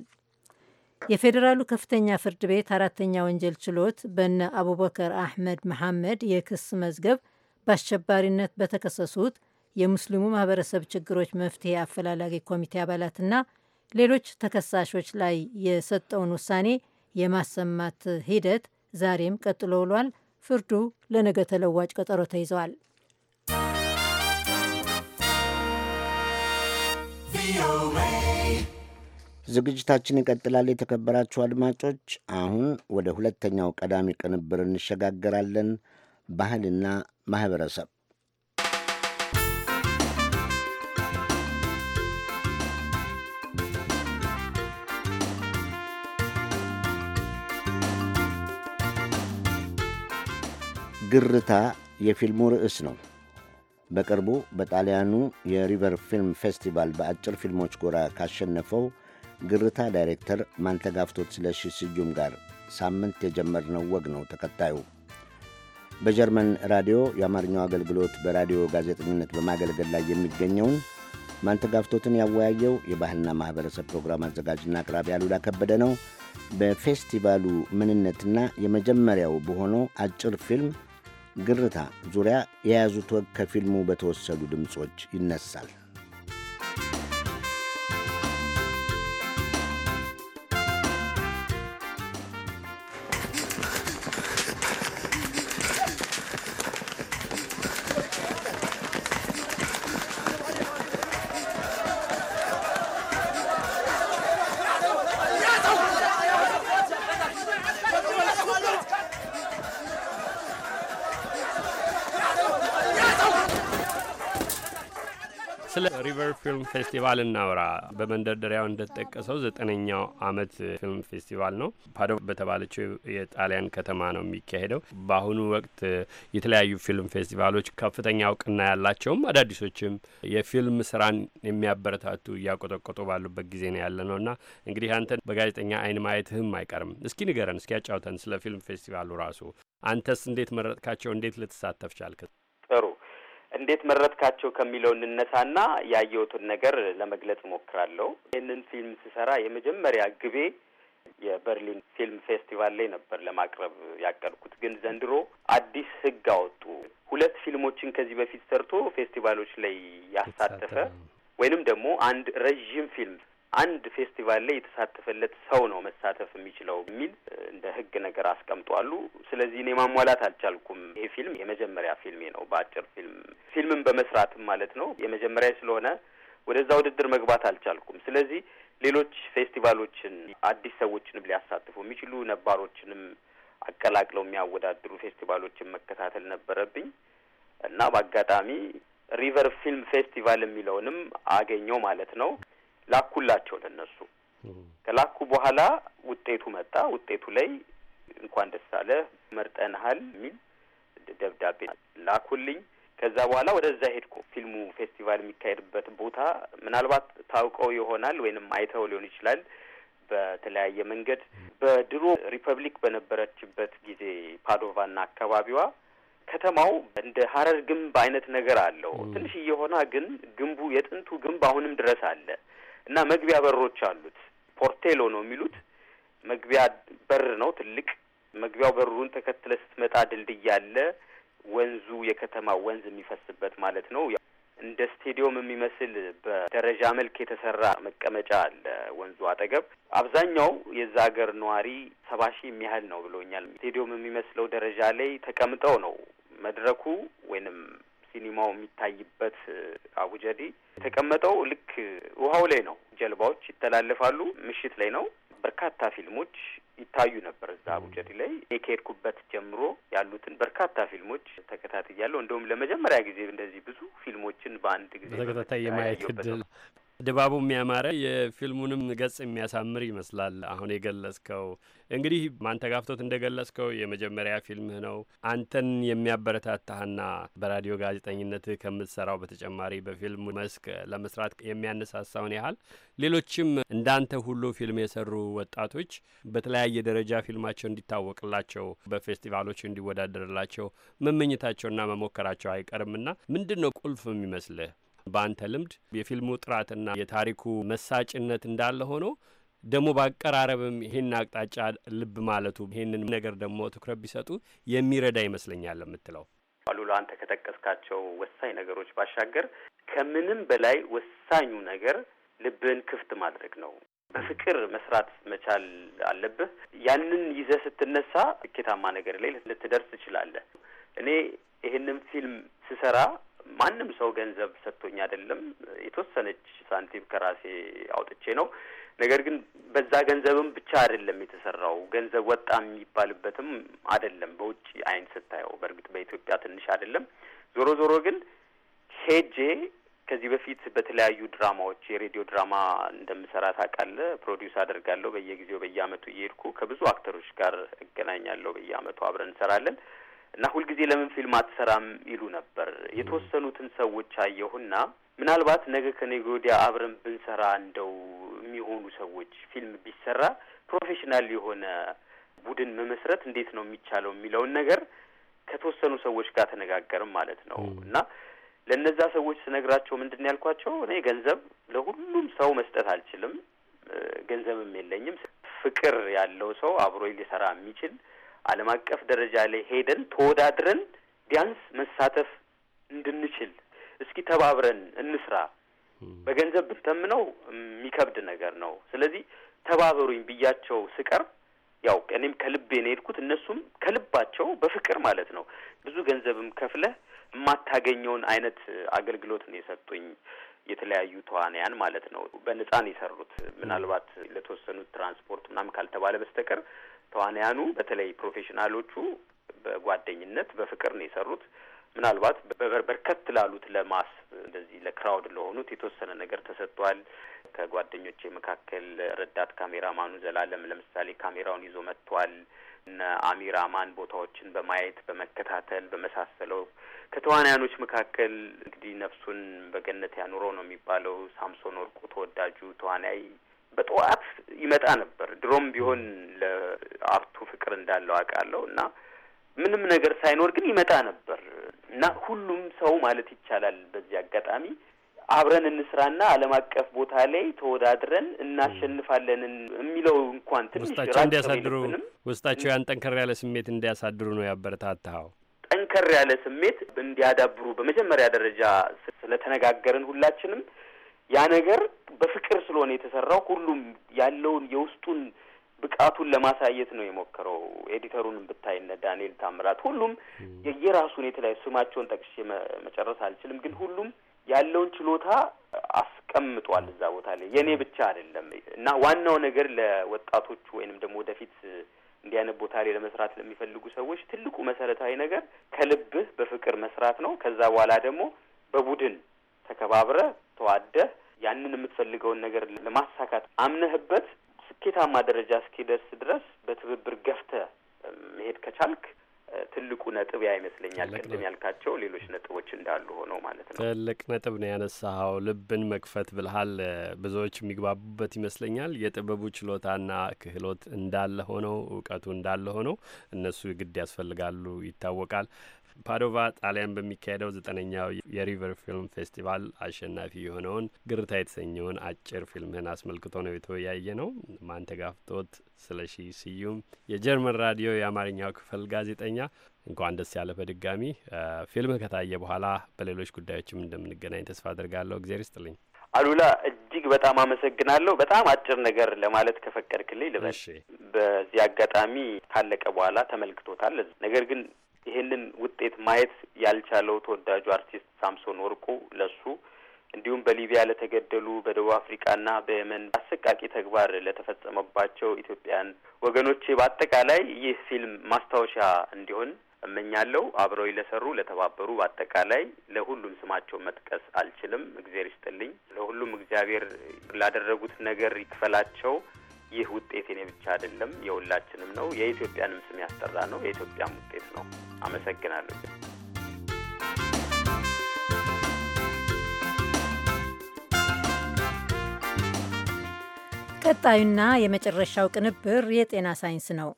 የፌዴራሉ ከፍተኛ ፍርድ ቤት አራተኛ ወንጀል ችሎት በነ አቡበከር አህመድ መሐመድ የክስ መዝገብ በአሸባሪነት በተከሰሱት የሙስሊሙ ማህበረሰብ ችግሮች መፍትሄ አፈላላጊ ኮሚቴ አባላትና ሌሎች ተከሳሾች ላይ የሰጠውን ውሳኔ የማሰማት ሂደት ዛሬም ቀጥሎ ውሏል። ፍርዱ ለነገ ተለዋጭ ቀጠሮ ተይዘዋል። ዝግጅታችን ይቀጥላል። የተከበራችሁ አድማጮች፣ አሁን ወደ ሁለተኛው ቀዳሚ ቅንብር እንሸጋገራለን። ባህልና ማህበረሰብ ግርታ የፊልሙ ርዕስ ነው። በቅርቡ በጣሊያኑ የሪቨር ፊልም ፌስቲቫል በአጭር ፊልሞች ጎራ ካሸነፈው ግርታ ዳይሬክተር ማንተጋፍቶት ስለሺ ስዩም ጋር ሳምንት የጀመርነው ወግ ነው ተከታዩ። በጀርመን ራዲዮ የአማርኛው አገልግሎት በራዲዮ ጋዜጠኝነት በማገልገል ላይ የሚገኘውን ማንተጋፍቶትን ያወያየው የባህልና ማኅበረሰብ ፕሮግራም አዘጋጅና አቅራቢ አሉላ ከበደ ነው። በፌስቲቫሉ ምንነትና የመጀመሪያው በሆነው አጭር ፊልም ግርታ ዙሪያ የያዙት ወግ ከፊልሙ በተወሰዱ ድምፆች ይነሳል። ፌስቲቫል እናውራ። በመንደርደሪያው እንደተጠቀሰው ዘጠነኛው አመት ፊልም ፌስቲቫል ነው። ፓዶ በተባለችው የጣሊያን ከተማ ነው የሚካሄደው። በአሁኑ ወቅት የተለያዩ ፊልም ፌስቲቫሎች ከፍተኛ እውቅና ያላቸውም አዳዲሶችም የፊልም ስራን የሚያበረታቱ እያቆጠቆጡ ባሉበት ጊዜ ነው ያለ ነው እና እንግዲህ አንተ በጋዜጠኛ አይን ማየትህም አይቀርም። እስኪ ንገረን፣ እስኪ ያጫውተን ስለ ፊልም ፌስቲቫሉ ራሱ። አንተስ እንዴት መረጥካቸው? እንዴት ልትሳተፍ ቻልክ? ጥሩ እንዴት መረጥካቸው ከሚለው እንነሳና ያየሁትን ነገር ለመግለጽ እሞክራለሁ። ይህንን ፊልም ስሰራ የመጀመሪያ ግቤ የበርሊን ፊልም ፌስቲቫል ላይ ነበር ለማቅረብ ያቀድኩት። ግን ዘንድሮ አዲስ ሕግ አወጡ። ሁለት ፊልሞችን ከዚህ በፊት ሰርቶ ፌስቲቫሎች ላይ ያሳተፈ ወይንም ደግሞ አንድ ረዥም ፊልም አንድ ፌስቲቫል ላይ የተሳተፈለት ሰው ነው መሳተፍ የሚችለው የሚል እንደ ህግ ነገር አስቀምጧሉ። ስለዚህ እኔ ማሟላት አልቻልኩም። ይሄ ፊልም የመጀመሪያ ፊልሜ ነው። በአጭር ፊልም ፊልምን በመስራትም ማለት ነው የመጀመሪያ ስለሆነ ወደዛ ውድድር መግባት አልቻልኩም። ስለዚህ ሌሎች ፌስቲቫሎችን አዲስ ሰዎችንም ሊያሳትፉ የሚችሉ ነባሮችንም አቀላቅለው የሚያወዳድሩ ፌስቲቫሎችን መከታተል ነበረብኝ እና በአጋጣሚ ሪቨር ፊልም ፌስቲቫል የሚለውንም አገኘው ማለት ነው። ላኩላቸው ለነሱ። ከላኩ በኋላ ውጤቱ መጣ። ውጤቱ ላይ እንኳን ደስ አለህ መርጠንሃል የሚል ደብዳቤ ላኩልኝ። ከዛ በኋላ ወደዛ ሄድኩ። ፊልሙ ፌስቲቫል የሚካሄድበት ቦታ ምናልባት ታውቀው ይሆናል ወይንም አይተው ሊሆን ይችላል። በተለያየ መንገድ በድሮ ሪፐብሊክ በነበረችበት ጊዜ ፓዶቫና አካባቢዋ ከተማው እንደ ሀረር ግንብ አይነት ነገር አለው። ትንሽ እየሆና ግን ግንቡ የጥንቱ ግንብ አሁንም ድረስ አለ። እና መግቢያ በሮች አሉት። ፖርቴሎ ነው የሚሉት መግቢያ በር ነው ትልቅ። መግቢያው በሩን ተከትለ ስትመጣ ድልድይ አለ። ወንዙ የከተማ ወንዝ የሚፈስበት ማለት ነው። እንደ ስቴዲዮም የሚመስል በደረጃ መልክ የተሰራ መቀመጫ አለ ወንዙ አጠገብ። አብዛኛው የዛ ሀገር ነዋሪ ሰባ ሺህ የሚያህል ነው ብሎኛል። ስቴዲዮም የሚመስለው ደረጃ ላይ ተቀምጠው ነው መድረኩ ወይንም ሲኒማው የሚታይበት አቡጀዲ የተቀመጠው ልክ ውሀው ላይ ነው። ጀልባዎች ይተላለፋሉ። ምሽት ላይ ነው። በርካታ ፊልሞች ይታዩ ነበር እዛ አቡጀዲ ላይ። እኔ ከሄድኩበት ጀምሮ ያሉትን በርካታ ፊልሞች ተከታትያለሁ። እንደውም ለመጀመሪያ ጊዜ እንደዚህ ብዙ ፊልሞችን በአንድ ጊዜ በተከታታይ የማየት እድል ድባቡ የሚያማረ የፊልሙንም ገጽ የሚያሳምር ይመስላል። አሁን የገለጽከው እንግዲህ ማንተጋፍቶት እንደገለጽከው የመጀመሪያ ፊልምህ ነው። አንተን የሚያበረታታህና በራዲዮ ጋዜጠኝነትህ ከምትሰራው በተጨማሪ በፊልሙ መስክ ለመስራት የሚያነሳሳውን ያህል ሌሎችም እንዳንተ ሁሉ ፊልም የሰሩ ወጣቶች በተለያየ ደረጃ ፊልማቸው እንዲታወቅላቸው፣ በፌስቲቫሎች እንዲወዳደርላቸው መመኘታቸውና መሞከራቸው አይቀርምና ምንድን ነው ቁልፍ የሚመስልህ? በአንተ ልምድ የፊልሙ ጥራትና የታሪኩ መሳጭነት እንዳለ ሆኖ ደግሞ በአቀራረብም ይህን አቅጣጫ ልብ ማለቱ ይህንን ነገር ደግሞ ትኩረት ቢሰጡ የሚረዳ ይመስለኛል የምትለው አሉላ፣ አንተ ከጠቀስካቸው ወሳኝ ነገሮች ባሻገር ከምንም በላይ ወሳኙ ነገር ልብን ክፍት ማድረግ ነው። በፍቅር መስራት መቻል አለብህ። ያንን ይዘህ ስትነሳ ስኬታማ ነገር ላይ ልትደርስ ትችላለህ። እኔ ይህንም ፊልም ስሰራ ማንም ሰው ገንዘብ ሰጥቶኝ አይደለም። የተወሰነች ሳንቲም ከራሴ አውጥቼ ነው። ነገር ግን በዛ ገንዘብም ብቻ አይደለም የተሰራው። ገንዘብ ወጣ የሚባልበትም አይደለም በውጭ አይን ስታየው። በእርግጥ በኢትዮጵያ ትንሽ አይደለም። ዞሮ ዞሮ ግን ሄጄ ከዚህ በፊት በተለያዩ ድራማዎች የሬዲዮ ድራማ እንደምሰራ ታውቃለህ። ፕሮዲውስ አደርጋለሁ በየጊዜው በየአመቱ እየሄድኩ ከብዙ አክተሮች ጋር እገናኛለሁ። በየአመቱ አብረን እንሰራለን። እና ሁልጊዜ ለምን ፊልም አትሰራም ይሉ ነበር። የተወሰኑትን ሰዎች አየሁና ምናልባት ነገ ከነገ ወዲያ አብረን ብንሰራ እንደው የሚሆኑ ሰዎች ፊልም ቢሰራ ፕሮፌሽናል የሆነ ቡድን መመስረት እንዴት ነው የሚቻለው የሚለውን ነገር ከተወሰኑ ሰዎች ጋር ተነጋገርም ማለት ነው እና ለነዛ ሰዎች ስነግራቸው ምንድን ያልኳቸው እኔ ገንዘብ ለሁሉም ሰው መስጠት አልችልም፣ ገንዘብም የለኝም። ፍቅር ያለው ሰው አብሮ ሊሰራ የሚችል ዓለም አቀፍ ደረጃ ላይ ሄደን ተወዳድረን ቢያንስ መሳተፍ እንድንችል እስኪ ተባብረን እንስራ። በገንዘብ ብተምነው የሚከብድ ነገር ነው። ስለዚህ ተባበሩኝ ብያቸው ስቀርብ ያው እኔም ከልቤ ነው የሄድኩት፣ እነሱም ከልባቸው በፍቅር ማለት ነው። ብዙ ገንዘብም ከፍለህ የማታገኘውን አይነት አገልግሎት ነው የሰጡኝ። የተለያዩ ተዋንያን ማለት ነው። በነጻ ነው የሰሩት። ምናልባት ለተወሰኑት ትራንስፖርት ምናምን ካልተባለ በስተቀር ተዋንያኑ በተለይ ፕሮፌሽናሎቹ በጓደኝነት በፍቅር ነው የሰሩት። ምናልባት በርከት ላሉት ለማስ እንደዚህ ለክራውድ ለሆኑት የተወሰነ ነገር ተሰጥቷል። ከጓደኞች መካከል ረዳት ካሜራማኑ ዘላለም ለምሳሌ ካሜራውን ይዞ መጥቷል። እነ አሚር አማን ቦታዎችን በማየት በመከታተል በመሳሰለው ከተዋንያኖች መካከል እንግዲህ ነፍሱን በገነት ያኑረው ነው የሚባለው ሳምሶን ወርቁ ተወዳጁ ተዋናይ በጠዋት ይመጣ ነበር። ድሮም ቢሆን ለአርቱ ፍቅር እንዳለው አውቃለሁ እና ምንም ነገር ሳይኖር ግን ይመጣ ነበር እና ሁሉም ሰው ማለት ይቻላል በዚህ አጋጣሚ አብረን እንስራና ዓለም አቀፍ ቦታ ላይ ተወዳድረን እናሸንፋለንን የሚለው እንኳን ትንሽ ውስጣቸው እንዲያሳድሩ ውስጣቸው ያን ጠንከር ያለ ስሜት እንዲያሳድሩ ነው ያበረታታኸው። ጠንከር ያለ ስሜት እንዲያዳብሩ በመጀመሪያ ደረጃ ስለተነጋገርን ሁላችንም ያ ነገር በፍቅር ስለሆነ የተሰራው ሁሉም ያለውን የውስጡን ብቃቱን ለማሳየት ነው የሞከረው። ኤዲተሩንም ብታይ እነ ዳንኤል ታምራት ሁሉም የየራሱን የተለያዩ ስማቸውን ጠቅሼ መጨረስ አልችልም፣ ግን ሁሉም ያለውን ችሎታ አስቀምጧል እዛ ቦታ ላይ የእኔ ብቻ አይደለም። እና ዋናው ነገር ለወጣቶቹ ወይንም ደግሞ ወደፊት እንዲህ ቦታ ላይ ለመስራት ለሚፈልጉ ሰዎች ትልቁ መሰረታዊ ነገር ከልብህ በፍቅር መስራት ነው። ከዛ በኋላ ደግሞ በቡድን ተከባብረህ ተዋደህ ያንን የምትፈልገውን ነገር ለማሳካት አምነህበት ስኬታማ ደረጃ እስኪደርስ ድረስ በትብብር ገፍተ መሄድ ከቻልክ ትልቁ ነጥብ ያ ይመስለኛል። ቅድም ያልካቸው ሌሎች ነጥቦች እንዳሉ ሆነው ማለት ነው። ትልቅ ነጥብ ነው ያነሳኸው። ልብን መክፈት ብልሃል ብዙዎች የሚግባቡበት ይመስለኛል። የጥበቡ ችሎታና ክህሎት እንዳለ ሆነው እውቀቱ እንዳለ ሆነው እነሱ ግድ ያስፈልጋሉ ይታወቃል። ፓዶቫ ጣሊያን በሚካሄደው ዘጠነኛው የሪቨር ፊልም ፌስቲቫል አሸናፊ የሆነውን ግርታ የተሰኘውን አጭር ፊልምህን አስመልክቶ ነው የተወያየ ነው። ማንተጋፍቶት ስለሺ ስዩም የጀርመን ራዲዮ የአማርኛው ክፍል ጋዜጠኛ፣ እንኳን ደስ ያለ በድጋሚ ፊልም ከታየ በኋላ በሌሎች ጉዳዮችም እንደምንገናኝ ተስፋ አድርጋለሁ። እግዜር ይስጥልኝ አሉላ። እጅግ በጣም አመሰግናለሁ። በጣም አጭር ነገር ለማለት ከፈቀድክልኝ ልበል። በዚህ አጋጣሚ ካለቀ በኋላ ተመልክቶታል። ነገር ግን ይህንን ውጤት ማየት ያልቻለው ተወዳጁ አርቲስት ሳምሶን ወርቁ ለሱ እንዲሁም በሊቢያ ለተገደሉ በደቡብ አፍሪካና በየመን አሰቃቂ ተግባር ለተፈጸመባቸው ኢትዮጵያን ወገኖቼ በአጠቃላይ ይህ ፊልም ማስታወሻ እንዲሆን እመኛለሁ። አብረው ለሰሩ ለተባበሩ፣ በአጠቃላይ ለሁሉም ስማቸው መጥቀስ አልችልም። እግዜር ይስጥልኝ። ለሁሉም እግዚአብሔር ላደረጉት ነገር ይክፈላቸው። ይህ ውጤት የኔ ብቻ አይደለም፣ የሁላችንም ነው። የኢትዮጵያንም ስም ያስጠራ ነው። የኢትዮጵያም ውጤት ነው። አመሰግናለሁ። ቀጣዩና የመጨረሻው ቅንብር የጤና ሳይንስ ነው።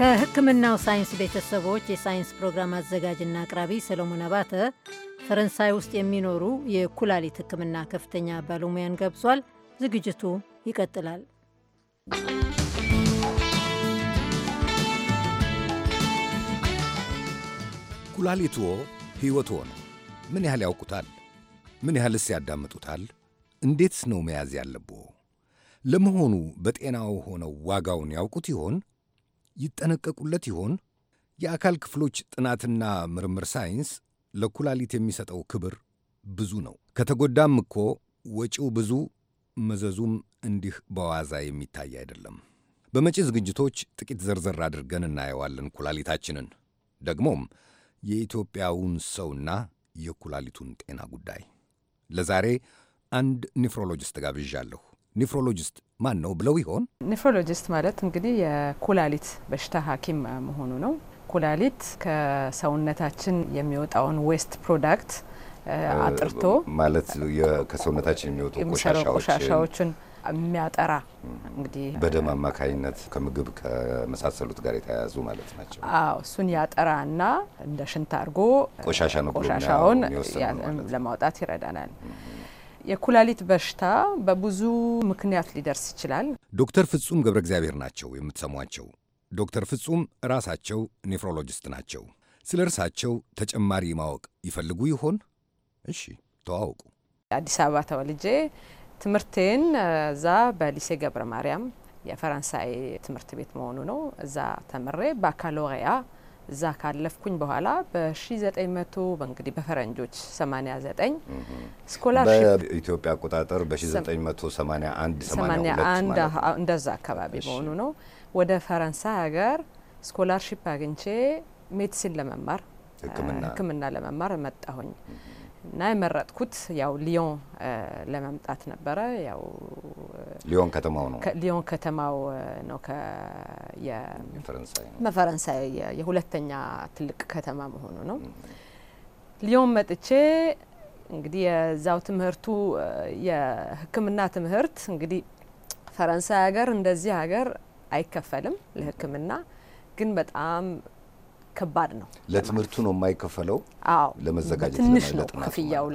ከሕክምናው ሳይንስ ቤተሰቦች የሳይንስ ፕሮግራም አዘጋጅና አቅራቢ ሰለሞን አባተ ፈረንሳይ ውስጥ የሚኖሩ የኩላሊት ሕክምና ከፍተኛ ባለሙያን ገብዟል። ዝግጅቱ ይቀጥላል። ኩላሊትዎ ሕይወትዎ ነው። ምን ያህል ያውቁታል? ምን ያህልስ ያዳምጡታል? እንዴትስ ነው መያዝ ያለብዎ? ለመሆኑ በጤናው ሆነው ዋጋውን ያውቁት ይሆን? ይጠነቀቁለት ይሆን? የአካል ክፍሎች ጥናትና ምርምር ሳይንስ ለኩላሊት የሚሰጠው ክብር ብዙ ነው። ከተጎዳም እኮ ወጪው ብዙ፣ መዘዙም እንዲህ በዋዛ የሚታይ አይደለም። በመጪ ዝግጅቶች ጥቂት ዘርዘር አድርገን እናየዋለን ኩላሊታችንን፣ ደግሞም የኢትዮጵያውን ሰውና የኩላሊቱን ጤና ጉዳይ። ለዛሬ አንድ ኒፍሮሎጂስት ጋብዣለሁ። ኒፍሮሎጂስት ማን ነው ብለው ይሆን? ኒፍሮሎጂስት ማለት እንግዲህ የኩላሊት በሽታ ሐኪም መሆኑ ነው። ኩላሊት ከሰውነታችን የሚወጣውን ዌስት ፕሮዳክት አጥርቶ ማለት ከሰውነታችን የሚወጡ ቆሻሻዎችን የሚያጠራ እንግዲህ በደም አማካኝነት ከምግብ ከመሳሰሉት ጋር የተያያዙ ማለት ናቸው። አዎ እሱን ያጠራና እንደ ሽንት አድርጎ ቆሻሻ ነው ቆሻሻውን ለማውጣት ይረዳናል። የኩላሊት በሽታ በብዙ ምክንያት ሊደርስ ይችላል። ዶክተር ፍጹም ገብረ እግዚአብሔር ናቸው የምትሰሟቸው። ዶክተር ፍጹም ራሳቸው ኔፍሮሎጂስት ናቸው። ስለ እርሳቸው ተጨማሪ ማወቅ ይፈልጉ ይሆን? እሺ ተዋውቁ። አዲስ አበባ ተወልጄ ትምህርቴን እዛ በሊሴ ገብረ ማርያም የፈረንሳይ ትምህርት ቤት መሆኑ ነው እዛ ተምሬ ባካሎሪያ እዛ ካለፍኩኝ በኋላ በ1900 እንግዲህ በፈረንጆች 89 ስኮላርሺፕ በኢትዮጵያ አቆጣጠር በ1981 እንደዛ አካባቢ መሆኑ ነው። ወደ ፈረንሳይ ሀገር ስኮላርሺፕ አግኝቼ ሜዲሲን ለመማር ሕክምና ለመማር መጣሁኝ። እና የመረጥኩት ያው ሊዮን ለመምጣት ነበረ። ያው ሊዮን ከተማው ነው ሊዮን ከተማው ነው በፈረንሳይ የሁለተኛ ትልቅ ከተማ መሆኑ ነው። ሊዮን መጥቼ እንግዲህ የዛው ትምህርቱ የሕክምና ትምህርት እንግዲህ ፈረንሳይ ሀገር እንደዚህ ሀገር አይከፈልም ለሕክምና ግን በጣም ከባድ ነው። ለትምህርቱ ነው የማይከፈለው። አዎ ለመዘጋጀት ትንሽ ነው ክፍያው።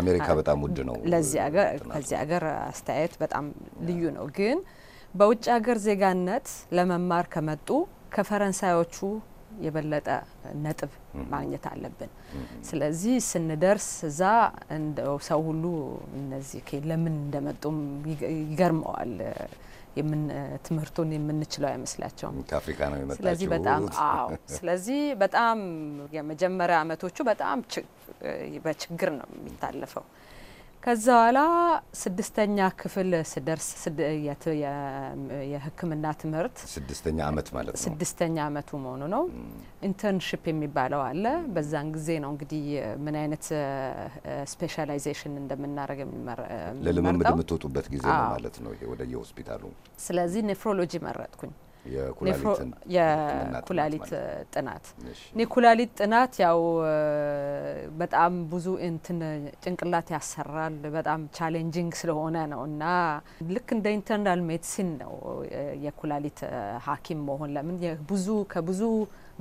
አሜሪካ በጣም ውድ ነው። ለዚህ ሀገር ከዚህ ሀገር አስተያየት በጣም ልዩ ነው። ግን በውጭ ሀገር ዜጋነት ለመማር ከመጡ ከፈረንሳዮቹ የበለጠ ነጥብ ማግኘት አለብን። ስለዚህ ስንደርስ እዛ ሰው ሁሉ እነዚህ ለምን እንደመጡም ይገርመዋል። ትምህርቱን የምንችለው አይመስላቸውም። ከአፍሪካ ነው የመጣችው። ስለዚህ በጣም *laughs* አዎ፣ ስለዚህ በጣም የመጀመሪያ አመቶቹ በጣም በችግር ነው የሚታለፈው። ከዛ በኋላ ስድስተኛ ክፍል ስደርስ የሕክምና ትምህርት ስድስተኛ አመት ማለት ነው። ስድስተኛ አመቱ መሆኑ ነው። ኢንተርንሽፕ የሚባለው አለ። በዛን ጊዜ ነው እንግዲህ ምን አይነት ስፔሻላይዜሽን እንደምናደርግ ለልምምድ የምትወጡበት ጊዜ ነው ማለት ነው፣ ወደ የሆስፒታሉ። ስለዚህ ኔፍሮሎጂ መረጥኩኝ። የኩላሊት ጥናት የኩላሊት ጥናት ያው በጣም ብዙ እንትን ጭንቅላት ያሰራል በጣም ቻሌንጂንግ ስለሆነ ነው እና ልክ እንደ ኢንተርናል ሜዲሲን ነው የኩላሊት ሐኪም መሆን ለምን ብዙ ከብዙ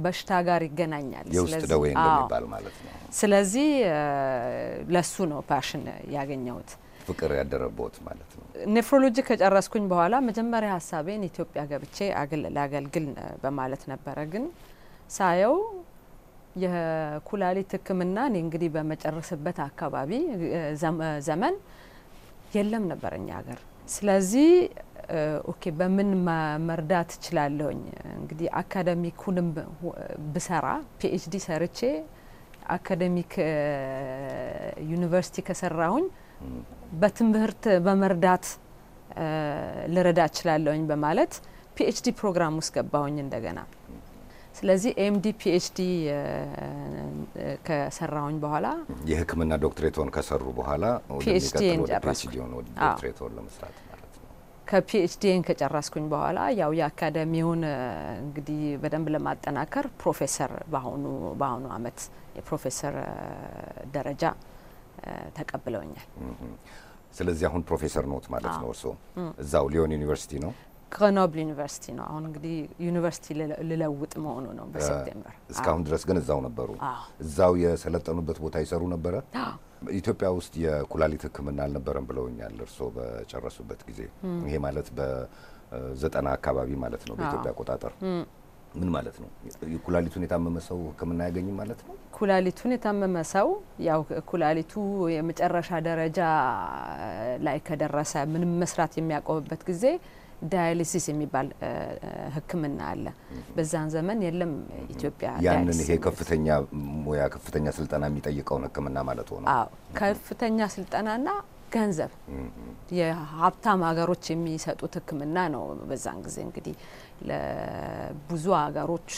በሽታ ጋር ይገናኛል። የውስጥ ደዌ እንደሚባል ማለት ነው። ስለዚህ ለሱ ነው ፓሽን ያገኘሁት። ፍቅር ያደረቦት ማለት ነው። ኔፍሮሎጂ ከጨረስኩኝ በኋላ መጀመሪያ ሀሳቤን ኢትዮጵያ ገብቼ ላገልግል በማለት ነበረ። ግን ሳየው የኩላሊት ሕክምና እኔ እንግዲህ በመጨረስበት አካባቢ ዘመን የለም ነበረኝ እኛ ሀገር። ስለዚህ ኦኬ በምን መርዳት እችላለሁኝ? እንግዲህ አካደሚኩንም ብሰራ ፒኤችዲ ሰርቼ አካደሚክ ዩኒቨርሲቲ ከሰራሁኝ በትምህርት በመርዳት ልረዳ እችላለሁኝ በማለት ፒኤችዲ ፕሮግራም ውስጥ ገባሁኝ እንደገና። ስለዚህ ኤምዲ ፒኤችዲ ከሰራሁኝ በኋላ የሕክምና ዶክትሬቶን ከሰሩ በኋላ ፒኤችዲን ዶክትሬቶን ለመስራት ከፒኤችዲን ከጨረስኩኝ በኋላ ያው የአካዳሚውን እንግዲህ በደንብ ለማጠናከር ፕሮፌሰር በአሁኑ በአሁኑ አመት የፕሮፌሰር ደረጃ ተቀብለውኛል። ስለዚህ አሁን ፕሮፌሰር ኖት ማለት ነው እርስዎ? እዛው ሊዮን ዩኒቨርሲቲ ነው? ግረኖብል ዩኒቨርሲቲ ነው። አሁን እንግዲህ ዩኒቨርሲቲ ልለውጥ መሆኑ ነው በሴፕቴምበር። እስካሁን ድረስ ግን እዛው ነበሩ? እዛው የሰለጠኑበት ቦታ ይሰሩ ነበረ? ኢትዮጵያ ውስጥ የኩላሊት ሕክምና አልነበረም ብለውኛል እርስዎ በጨረሱበት ጊዜ። ይሄ ማለት በዘጠና አካባቢ ማለት ነው በኢትዮጵያ አቆጣጠር ምን ማለት ነው? ኩላሊቱን የታመመ ሰው ህክምና አያገኝም ማለት ነው? ኩላሊቱን የታመመ ሰው ያው ኩላሊቱ የመጨረሻ ደረጃ ላይ ከደረሰ ምንም መስራት የሚያቆምበት ጊዜ ዳያሊሲስ የሚባል ህክምና አለ። በዛን ዘመን የለም ኢትዮጵያ ያንን ይሄ ከፍተኛ ሙያ ከፍተኛ ስልጠና የሚጠይቀውን ህክምና ማለት ሆነ። አዎ ከፍተኛ ስልጠናና ገንዘብ የሀብታም ሀገሮች የሚሰጡት ሕክምና ነው። በዛን ጊዜ እንግዲህ ለብዙ ሀገሮች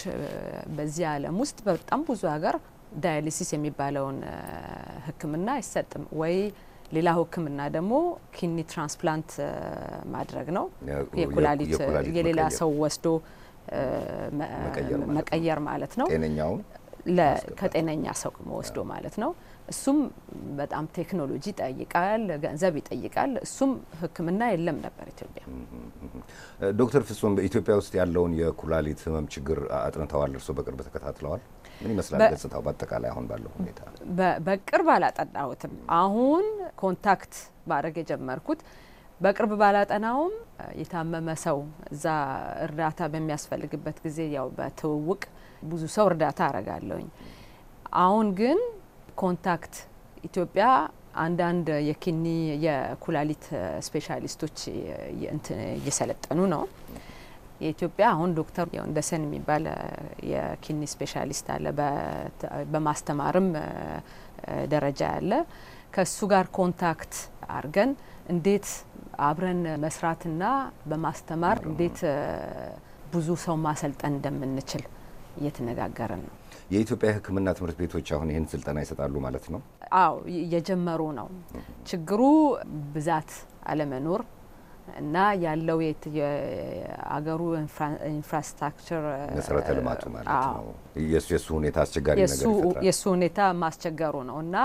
በዚህ ዓለም ውስጥ በጣም ብዙ ሀገር ዳያሊሲስ የሚባለውን ሕክምና አይሰጥም ወይ ሌላው ህክምና ደግሞ ኪኒ ትራንስፕላንት ማድረግ ነው። የኩላሊት የሌላ ሰው ወስዶ መቀየር ማለት ነው። ከጤነኛ ሰው ወስዶ ማለት ነው። እሱም በጣም ቴክኖሎጂ ይጠይቃል፣ ገንዘብ ይጠይቃል። እሱም ህክምና የለም ነበር ኢትዮጵያ። ዶክተር ፍጹም በኢትዮጵያ ውስጥ ያለውን የኩላሊት ህመም ችግር አጥንተዋል። እርስዎ በቅርብ ተከታትለዋል። ምን ይመስላል ገጽታው በአጠቃላይ አሁን ባለው ሁኔታ? በቅርብ አላጠናሁትም። አሁን ኮንታክት ማድረግ የጀመርኩት በቅርብ ባላጠናውም የታመመ ሰው እዛ እርዳታ በሚያስፈልግበት ጊዜ ያው በትውውቅ ብዙ ሰው እርዳታ አረጋለሁኝ። አሁን ግን ኮንታክት ኢትዮጵያ አንዳንድ የኪኒ የኩላሊት ስፔሻሊስቶች እየሰለጠኑ ነው። የኢትዮጵያ አሁን ዶክተር ወንደሰን የሚባል የኪኒ ስፔሻሊስት አለ። በማስተማርም ደረጃ ያለ ከሱ ጋር ኮንታክት አድርገን እንዴት አብረን መስራትና በማስተማር እንዴት ብዙ ሰው ማሰልጠን እንደምንችል እየተነጋገርን ነው። የኢትዮጵያ ሕክምና ትምህርት ቤቶች አሁን ይህን ስልጠና ይሰጣሉ ማለት ነው? አዎ እየጀመሩ ነው። ችግሩ ብዛት አለመኖር እና ያለው የአገሩ ኢንፍራስትራክቸር መሰረተ ልማቱ ማለት ነው። የሱ ሁኔታ አስቸጋሪ ነገር የሱ ሁኔታ ማስቸገሩ ነው እና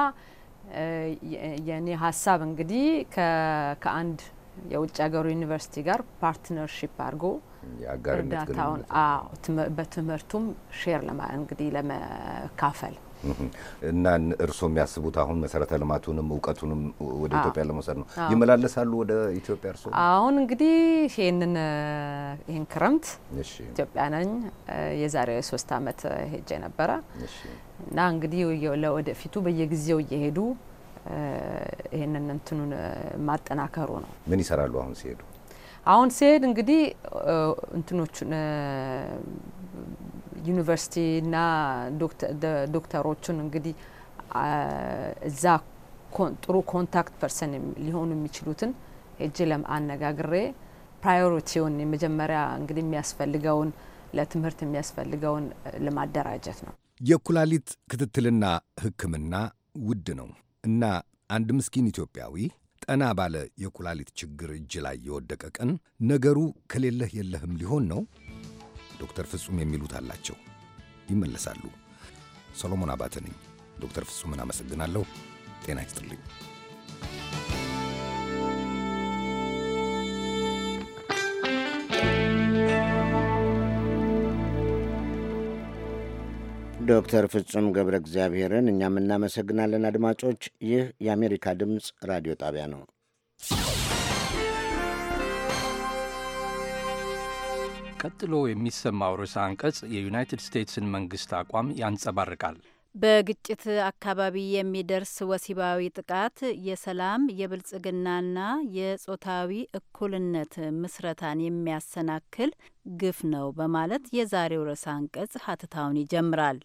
የኔ ሀሳብ እንግዲህ ከአንድ የውጭ ሀገሩ ዩኒቨርሲቲ ጋር ፓርትነርሺፕ አድርጎ እርዳታውን በትምህርቱም ሼር እንግዲህ ለመካፈል እና እርስዎ የሚያስቡት አሁን መሰረተ ልማቱንም እውቀቱንም ወደ ኢትዮጵያ ለመውሰድ ነው። ይመላለሳሉ ወደ ኢትዮጵያ እርስዎ? አሁን እንግዲህ ይህንን ይህን ክረምት ኢትዮጵያ ነኝ። የዛሬ ሶስት አመት ሄጄ ነበረ እና እንግዲህ ለወደፊቱ በየጊዜው እየሄዱ ይህንን እንትኑን ማጠናከሩ ነው። ምን ይሰራሉ አሁን ሲሄዱ? አሁን ሲሄድ እንግዲህ ዩኒቨርሲቲ ዩኒቨርሲቲና ዶክተሮቹን እንግዲህ እዛ ጥሩ ኮንታክት ፐርሰን ሊሆኑ የሚችሉትን ሄጄ ለማነጋግሬ ፕራዮሪቲውን የመጀመሪያ እንግዲህ የሚያስፈልገውን ለትምህርት የሚያስፈልገውን ለማደራጀት ነው። የኩላሊት ክትትልና ሕክምና ውድ ነው እና አንድ ምስኪን ኢትዮጵያዊ ጠና ባለ የኩላሊት ችግር እጅ ላይ የወደቀ ቀን ነገሩ ከሌለህ የለህም ሊሆን ነው። ዶክተር ፍጹም የሚሉት አላቸው። ይመለሳሉ። ሰሎሞን አባተ ነኝ። ዶክተር ፍጹምን አመሰግናለሁ። ጤና ይስጥልኝ። ዶክተር ፍጹም ገብረ እግዚአብሔርን እኛም እናመሰግናለን። አድማጮች፣ ይህ የአሜሪካ ድምፅ ራዲዮ ጣቢያ ነው። ቀጥሎ የሚሰማው ርዕሰ አንቀጽ የዩናይትድ ስቴትስን መንግሥት አቋም ያንጸባርቃል። በግጭት አካባቢ የሚደርስ ወሲባዊ ጥቃት የሰላም የብልጽግናና የጾታዊ እኩልነት ምስረታን የሚያሰናክል ግፍ ነው በማለት የዛሬው ርዕሰ አንቀጽ ሀተታውን ይጀምራል።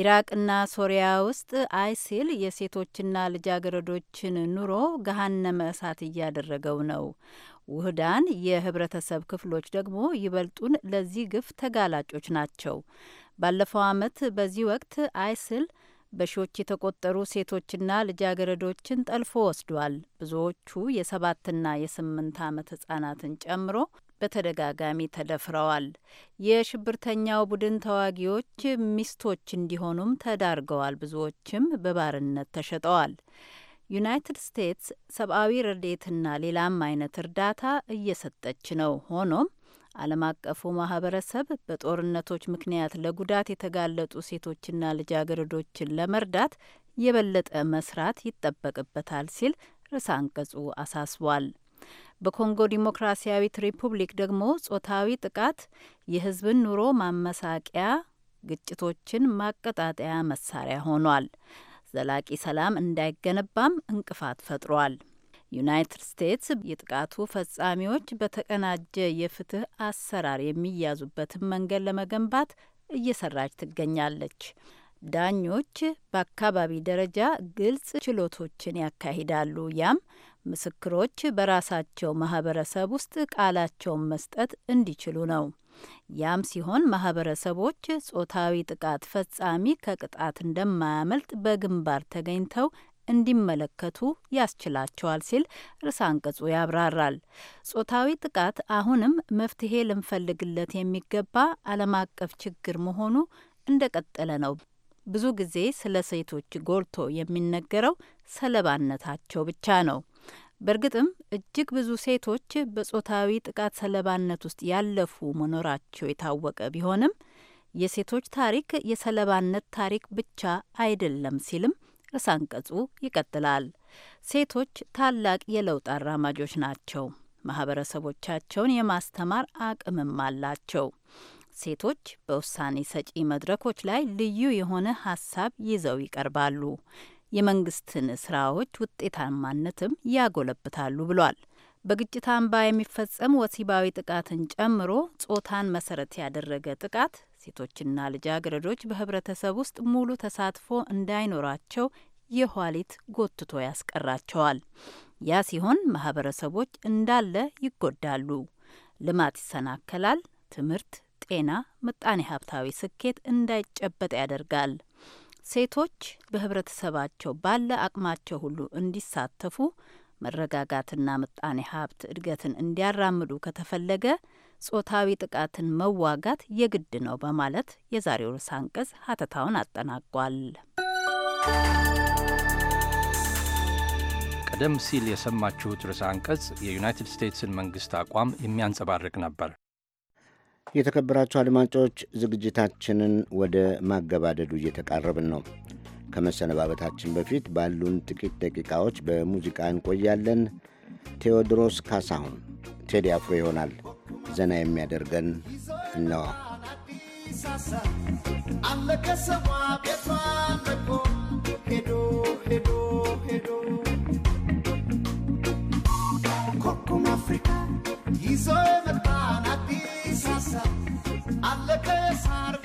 ኢራቅና ሶሪያ ውስጥ አይሲል የሴቶችና ልጃገረዶችን ኑሮ ገሀነመ እሳት እያደረገው ነው። ውህዳን የህብረተሰብ ክፍሎች ደግሞ ይበልጡን ለዚህ ግፍ ተጋላጮች ናቸው። ባለፈው ዓመት በዚህ ወቅት አይስል በሺዎች የተቆጠሩ ሴቶችና ልጃገረዶችን ጠልፎ ወስዷል። ብዙዎቹ የሰባትና የስምንት ዓመት ህጻናትን ጨምሮ በተደጋጋሚ ተደፍረዋል። የሽብርተኛው ቡድን ተዋጊዎች ሚስቶች እንዲሆኑም ተዳርገዋል። ብዙዎችም በባርነት ተሸጠዋል። ዩናይትድ ስቴትስ ሰብአዊ ረድኤትና ሌላም አይነት እርዳታ እየሰጠች ነው። ሆኖም ዓለም አቀፉ ማህበረሰብ በጦርነቶች ምክንያት ለጉዳት የተጋለጡ ሴቶችና ልጃገረዶችን ለመርዳት የበለጠ መስራት ይጠበቅበታል ሲል ርዕሰ አንቀጹ አሳስቧል። በኮንጎ ዲሞክራሲያዊት ሪፑብሊክ ደግሞ ጾታዊ ጥቃት የህዝብን ኑሮ ማመሳቂያ፣ ግጭቶችን ማቀጣጠያ መሳሪያ ሆኗል። ዘላቂ ሰላም እንዳይገነባም እንቅፋት ፈጥሯል። ዩናይትድ ስቴትስ የጥቃቱ ፈጻሚዎች በተቀናጀ የፍትህ አሰራር የሚያዙበትን መንገድ ለመገንባት እየሰራች ትገኛለች። ዳኞች በአካባቢ ደረጃ ግልጽ ችሎቶችን ያካሂዳሉ። ያም ምስክሮች በራሳቸው ማህበረሰብ ውስጥ ቃላቸውን መስጠት እንዲችሉ ነው። ያም ሲሆን ማህበረሰቦች ጾታዊ ጥቃት ፈጻሚ ከቅጣት እንደማያመልጥ በግንባር ተገኝተው እንዲመለከቱ ያስችላቸዋል ሲል ርዕሰ አንቀጹ ያብራራል። ጾታዊ ጥቃት አሁንም መፍትሄ ልንፈልግለት የሚገባ ዓለም አቀፍ ችግር መሆኑ እንደቀጠለ ነው። ብዙ ጊዜ ስለ ሴቶች ጎልቶ የሚነገረው ሰለባነታቸው ብቻ ነው። በእርግጥም እጅግ ብዙ ሴቶች በጾታዊ ጥቃት ሰለባነት ውስጥ ያለፉ መኖራቸው የታወቀ ቢሆንም የሴቶች ታሪክ የሰለባነት ታሪክ ብቻ አይደለም ሲልም ርዕሰ አንቀጹ ይቀጥላል። ሴቶች ታላቅ የለውጥ አራማጆች ናቸው። ማህበረሰቦቻቸውን የማስተማር አቅምም አላቸው። ሴቶች በውሳኔ ሰጪ መድረኮች ላይ ልዩ የሆነ ሀሳብ ይዘው ይቀርባሉ። የመንግስትን ስራዎች ውጤታማነትም ያጎለብታሉ ብሏል። በግጭት አምባ የሚፈጸም ወሲባዊ ጥቃትን ጨምሮ ጾታን መሰረት ያደረገ ጥቃት ሴቶችና ልጃገረዶች በህብረተሰብ ውስጥ ሙሉ ተሳትፎ እንዳይኖራቸው የኋሊት ጎትቶ ያስቀራቸዋል። ያ ሲሆን ማህበረሰቦች እንዳለ ይጎዳሉ። ልማት ይሰናከላል። ትምህርት፣ ጤና፣ ምጣኔ ሀብታዊ ስኬት እንዳይጨበጥ ያደርጋል። ሴቶች በህብረተሰባቸው ባለ አቅማቸው ሁሉ እንዲሳተፉ መረጋጋትና ምጣኔ ሀብት እድገትን እንዲያራምዱ ከተፈለገ ጾታዊ ጥቃትን መዋጋት የግድ ነው በማለት የዛሬው ርዕሰ አንቀጽ ሀተታውን አጠናቋል። ቀደም ሲል የሰማችሁት ርዕሰ አንቀጽ የዩናይትድ ስቴትስን መንግስት አቋም የሚያንጸባርቅ ነበር። የተከበራችሁ አድማጮች ዝግጅታችንን ወደ ማገባደዱ እየተቃረብን ነው። ከመሰነባበታችን በፊት ባሉን ጥቂት ደቂቃዎች በሙዚቃ እንቆያለን። ቴዎድሮስ ካሳሁን ቴዲ አፍሮ ይሆናል። ዘና የሚያደርገን ነው። አለከሰማ ሄዶ ሄዶ ሄዶ ኮኩም አፍሪካ ይዞ የመጣን አዲስ ሀሳብ አለከሳር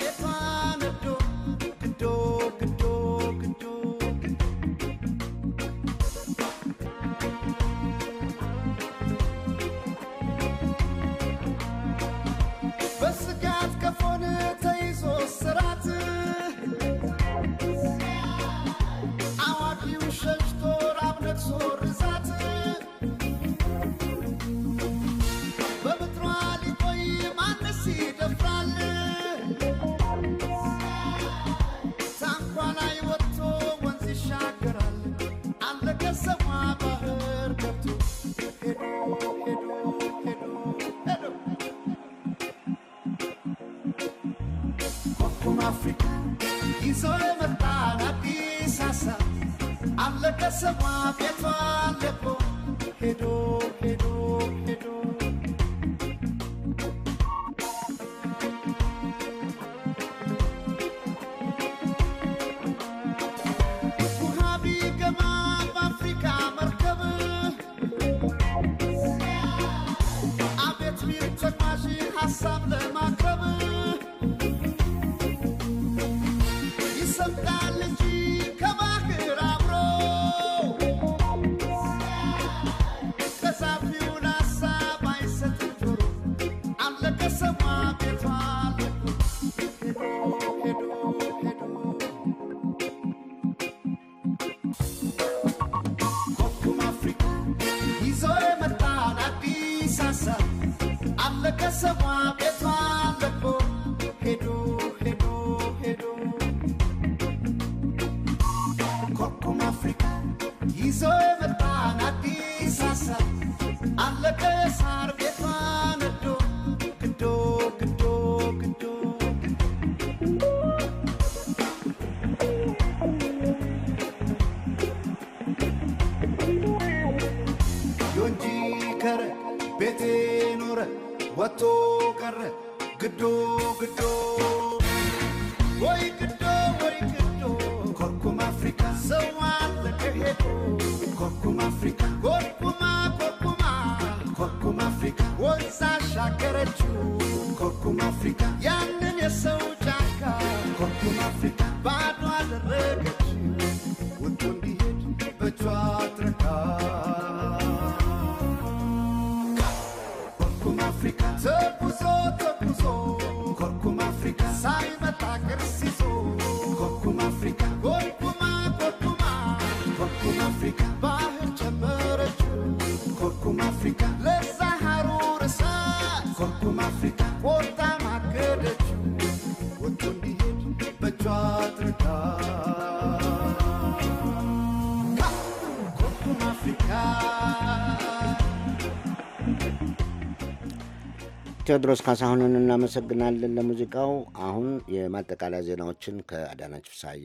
ቴዎድሮስ ካሳሁንን እናመሰግናለን ለሙዚቃው። አሁን የማጠቃለያ ዜናዎችን ከአዳናች ፍሳዬ።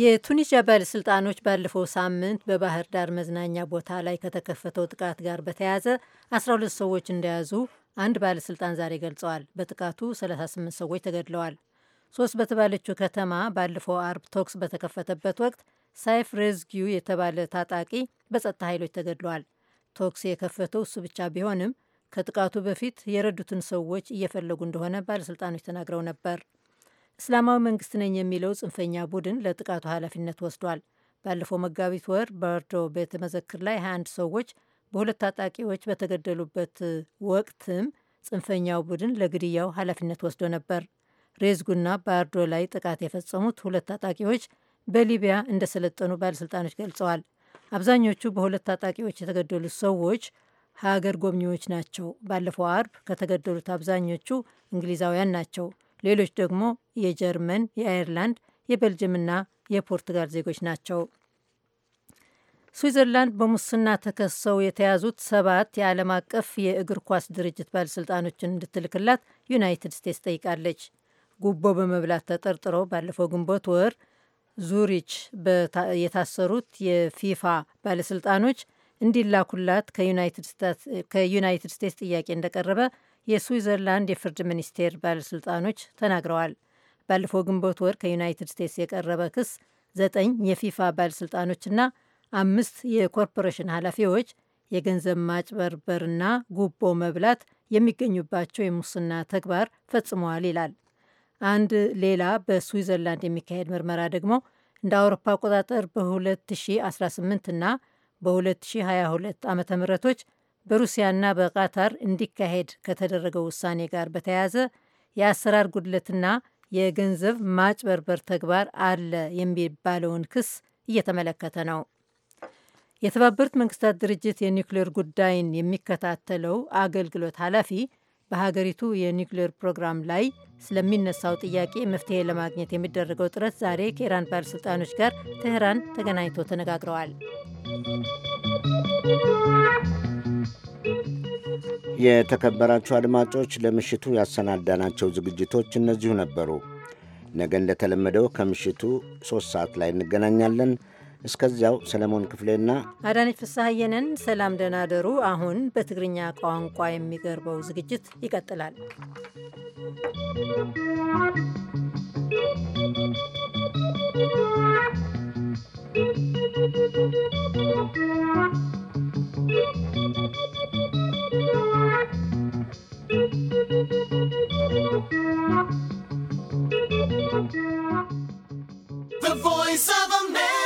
የቱኒዚያ ባለሥልጣኖች ባለፈው ሳምንት በባህር ዳር መዝናኛ ቦታ ላይ ከተከፈተው ጥቃት ጋር በተያያዘ 12 ሰዎች እንደያዙ አንድ ባለሥልጣን ዛሬ ገልጸዋል። በጥቃቱ 38 ሰዎች ተገድለዋል። ሶስት በተባለችው ከተማ ባለፈው አርብ ቶክስ በተከፈተበት ወቅት ሳይፍ ሬዝጊው የተባለ ታጣቂ በጸጥታ ኃይሎች ተገድለዋል። ቶክስ የከፈተው እሱ ብቻ ቢሆንም ከጥቃቱ በፊት የረዱትን ሰዎች እየፈለጉ እንደሆነ ባለሥልጣኖች ተናግረው ነበር። እስላማዊ መንግስት ነኝ የሚለው ጽንፈኛ ቡድን ለጥቃቱ ኃላፊነት ወስዷል። ባለፈው መጋቢት ወር በርዶ ቤተ መዘክር ላይ 21 ሰዎች በሁለት ታጣቂዎች በተገደሉበት ወቅትም ጽንፈኛው ቡድን ለግድያው ኃላፊነት ወስዶ ነበር። ሬዝጉና ባርዶ ላይ ጥቃት የፈጸሙት ሁለት ታጣቂዎች በሊቢያ እንደሰለጠኑ ባለሥልጣኖች ገልጸዋል። አብዛኞቹ በሁለት ታጣቂዎች የተገደሉት ሰዎች ሀገር ጎብኚዎች ናቸው። ባለፈው አርብ ከተገደሉት አብዛኞቹ እንግሊዛውያን ናቸው። ሌሎች ደግሞ የጀርመን፣ የአየርላንድ፣ የቤልጅየምና የፖርቱጋል ዜጎች ናቸው። ስዊዘርላንድ በሙስና ተከሰው የተያዙት ሰባት የዓለም አቀፍ የእግር ኳስ ድርጅት ባለሥልጣኖችን እንድትልክላት ዩናይትድ ስቴትስ ጠይቃለች። ጉቦ በመብላት ተጠርጥረው ባለፈው ግንቦት ወር ዙሪች የታሰሩት የፊፋ ባለሥልጣኖች እንዲላኩላት ከዩናይትድ ስቴትስ ጥያቄ እንደቀረበ የስዊዘርላንድ የፍርድ ሚኒስቴር ባለሥልጣኖች ተናግረዋል። ባለፈው ግንቦት ወር ከዩናይትድ ስቴትስ የቀረበ ክስ ዘጠኝ የፊፋ ባለሥልጣኖችና አምስት የኮርፖሬሽን ኃላፊዎች የገንዘብ ማጭበርበርና ጉቦ መብላት የሚገኙባቸው የሙስና ተግባር ፈጽመዋል ይላል። አንድ ሌላ በስዊዘርላንድ የሚካሄድ ምርመራ ደግሞ እንደ አውሮፓ አቆጣጠር በ2018 እና በ2022 ዓ ምቶች በሩሲያና በቃታር እንዲካሄድ ከተደረገው ውሳኔ ጋር በተያያዘ የአሰራር ጉድለትና የገንዘብ ማጭበርበር ተግባር አለ የሚባለውን ክስ እየተመለከተ ነው። የተባበሩት መንግስታት ድርጅት የኒውክሌር ጉዳይን የሚከታተለው አገልግሎት ኃላፊ በሀገሪቱ የኒውክሌር ፕሮግራም ላይ ስለሚነሳው ጥያቄ መፍትሄ ለማግኘት የሚደረገው ጥረት ዛሬ ከኢራን ባለሥልጣኖች ጋር ቴህራን ተገናኝቶ ተነጋግረዋል። የተከበራችሁ አድማጮች ለምሽቱ ያሰናዳናቸው ዝግጅቶች እነዚሁ ነበሩ። ነገ እንደተለመደው ከምሽቱ ሦስት ሰዓት ላይ እንገናኛለን። እስከዚያው ሰለሞን ክፍሌና አዳነች ፍስሐየንን ሰላም ደህና ደሩ። አሁን በትግርኛ ቋንቋ የሚቀርበው ዝግጅት ይቀጥላል። Thank you. The voice of a man.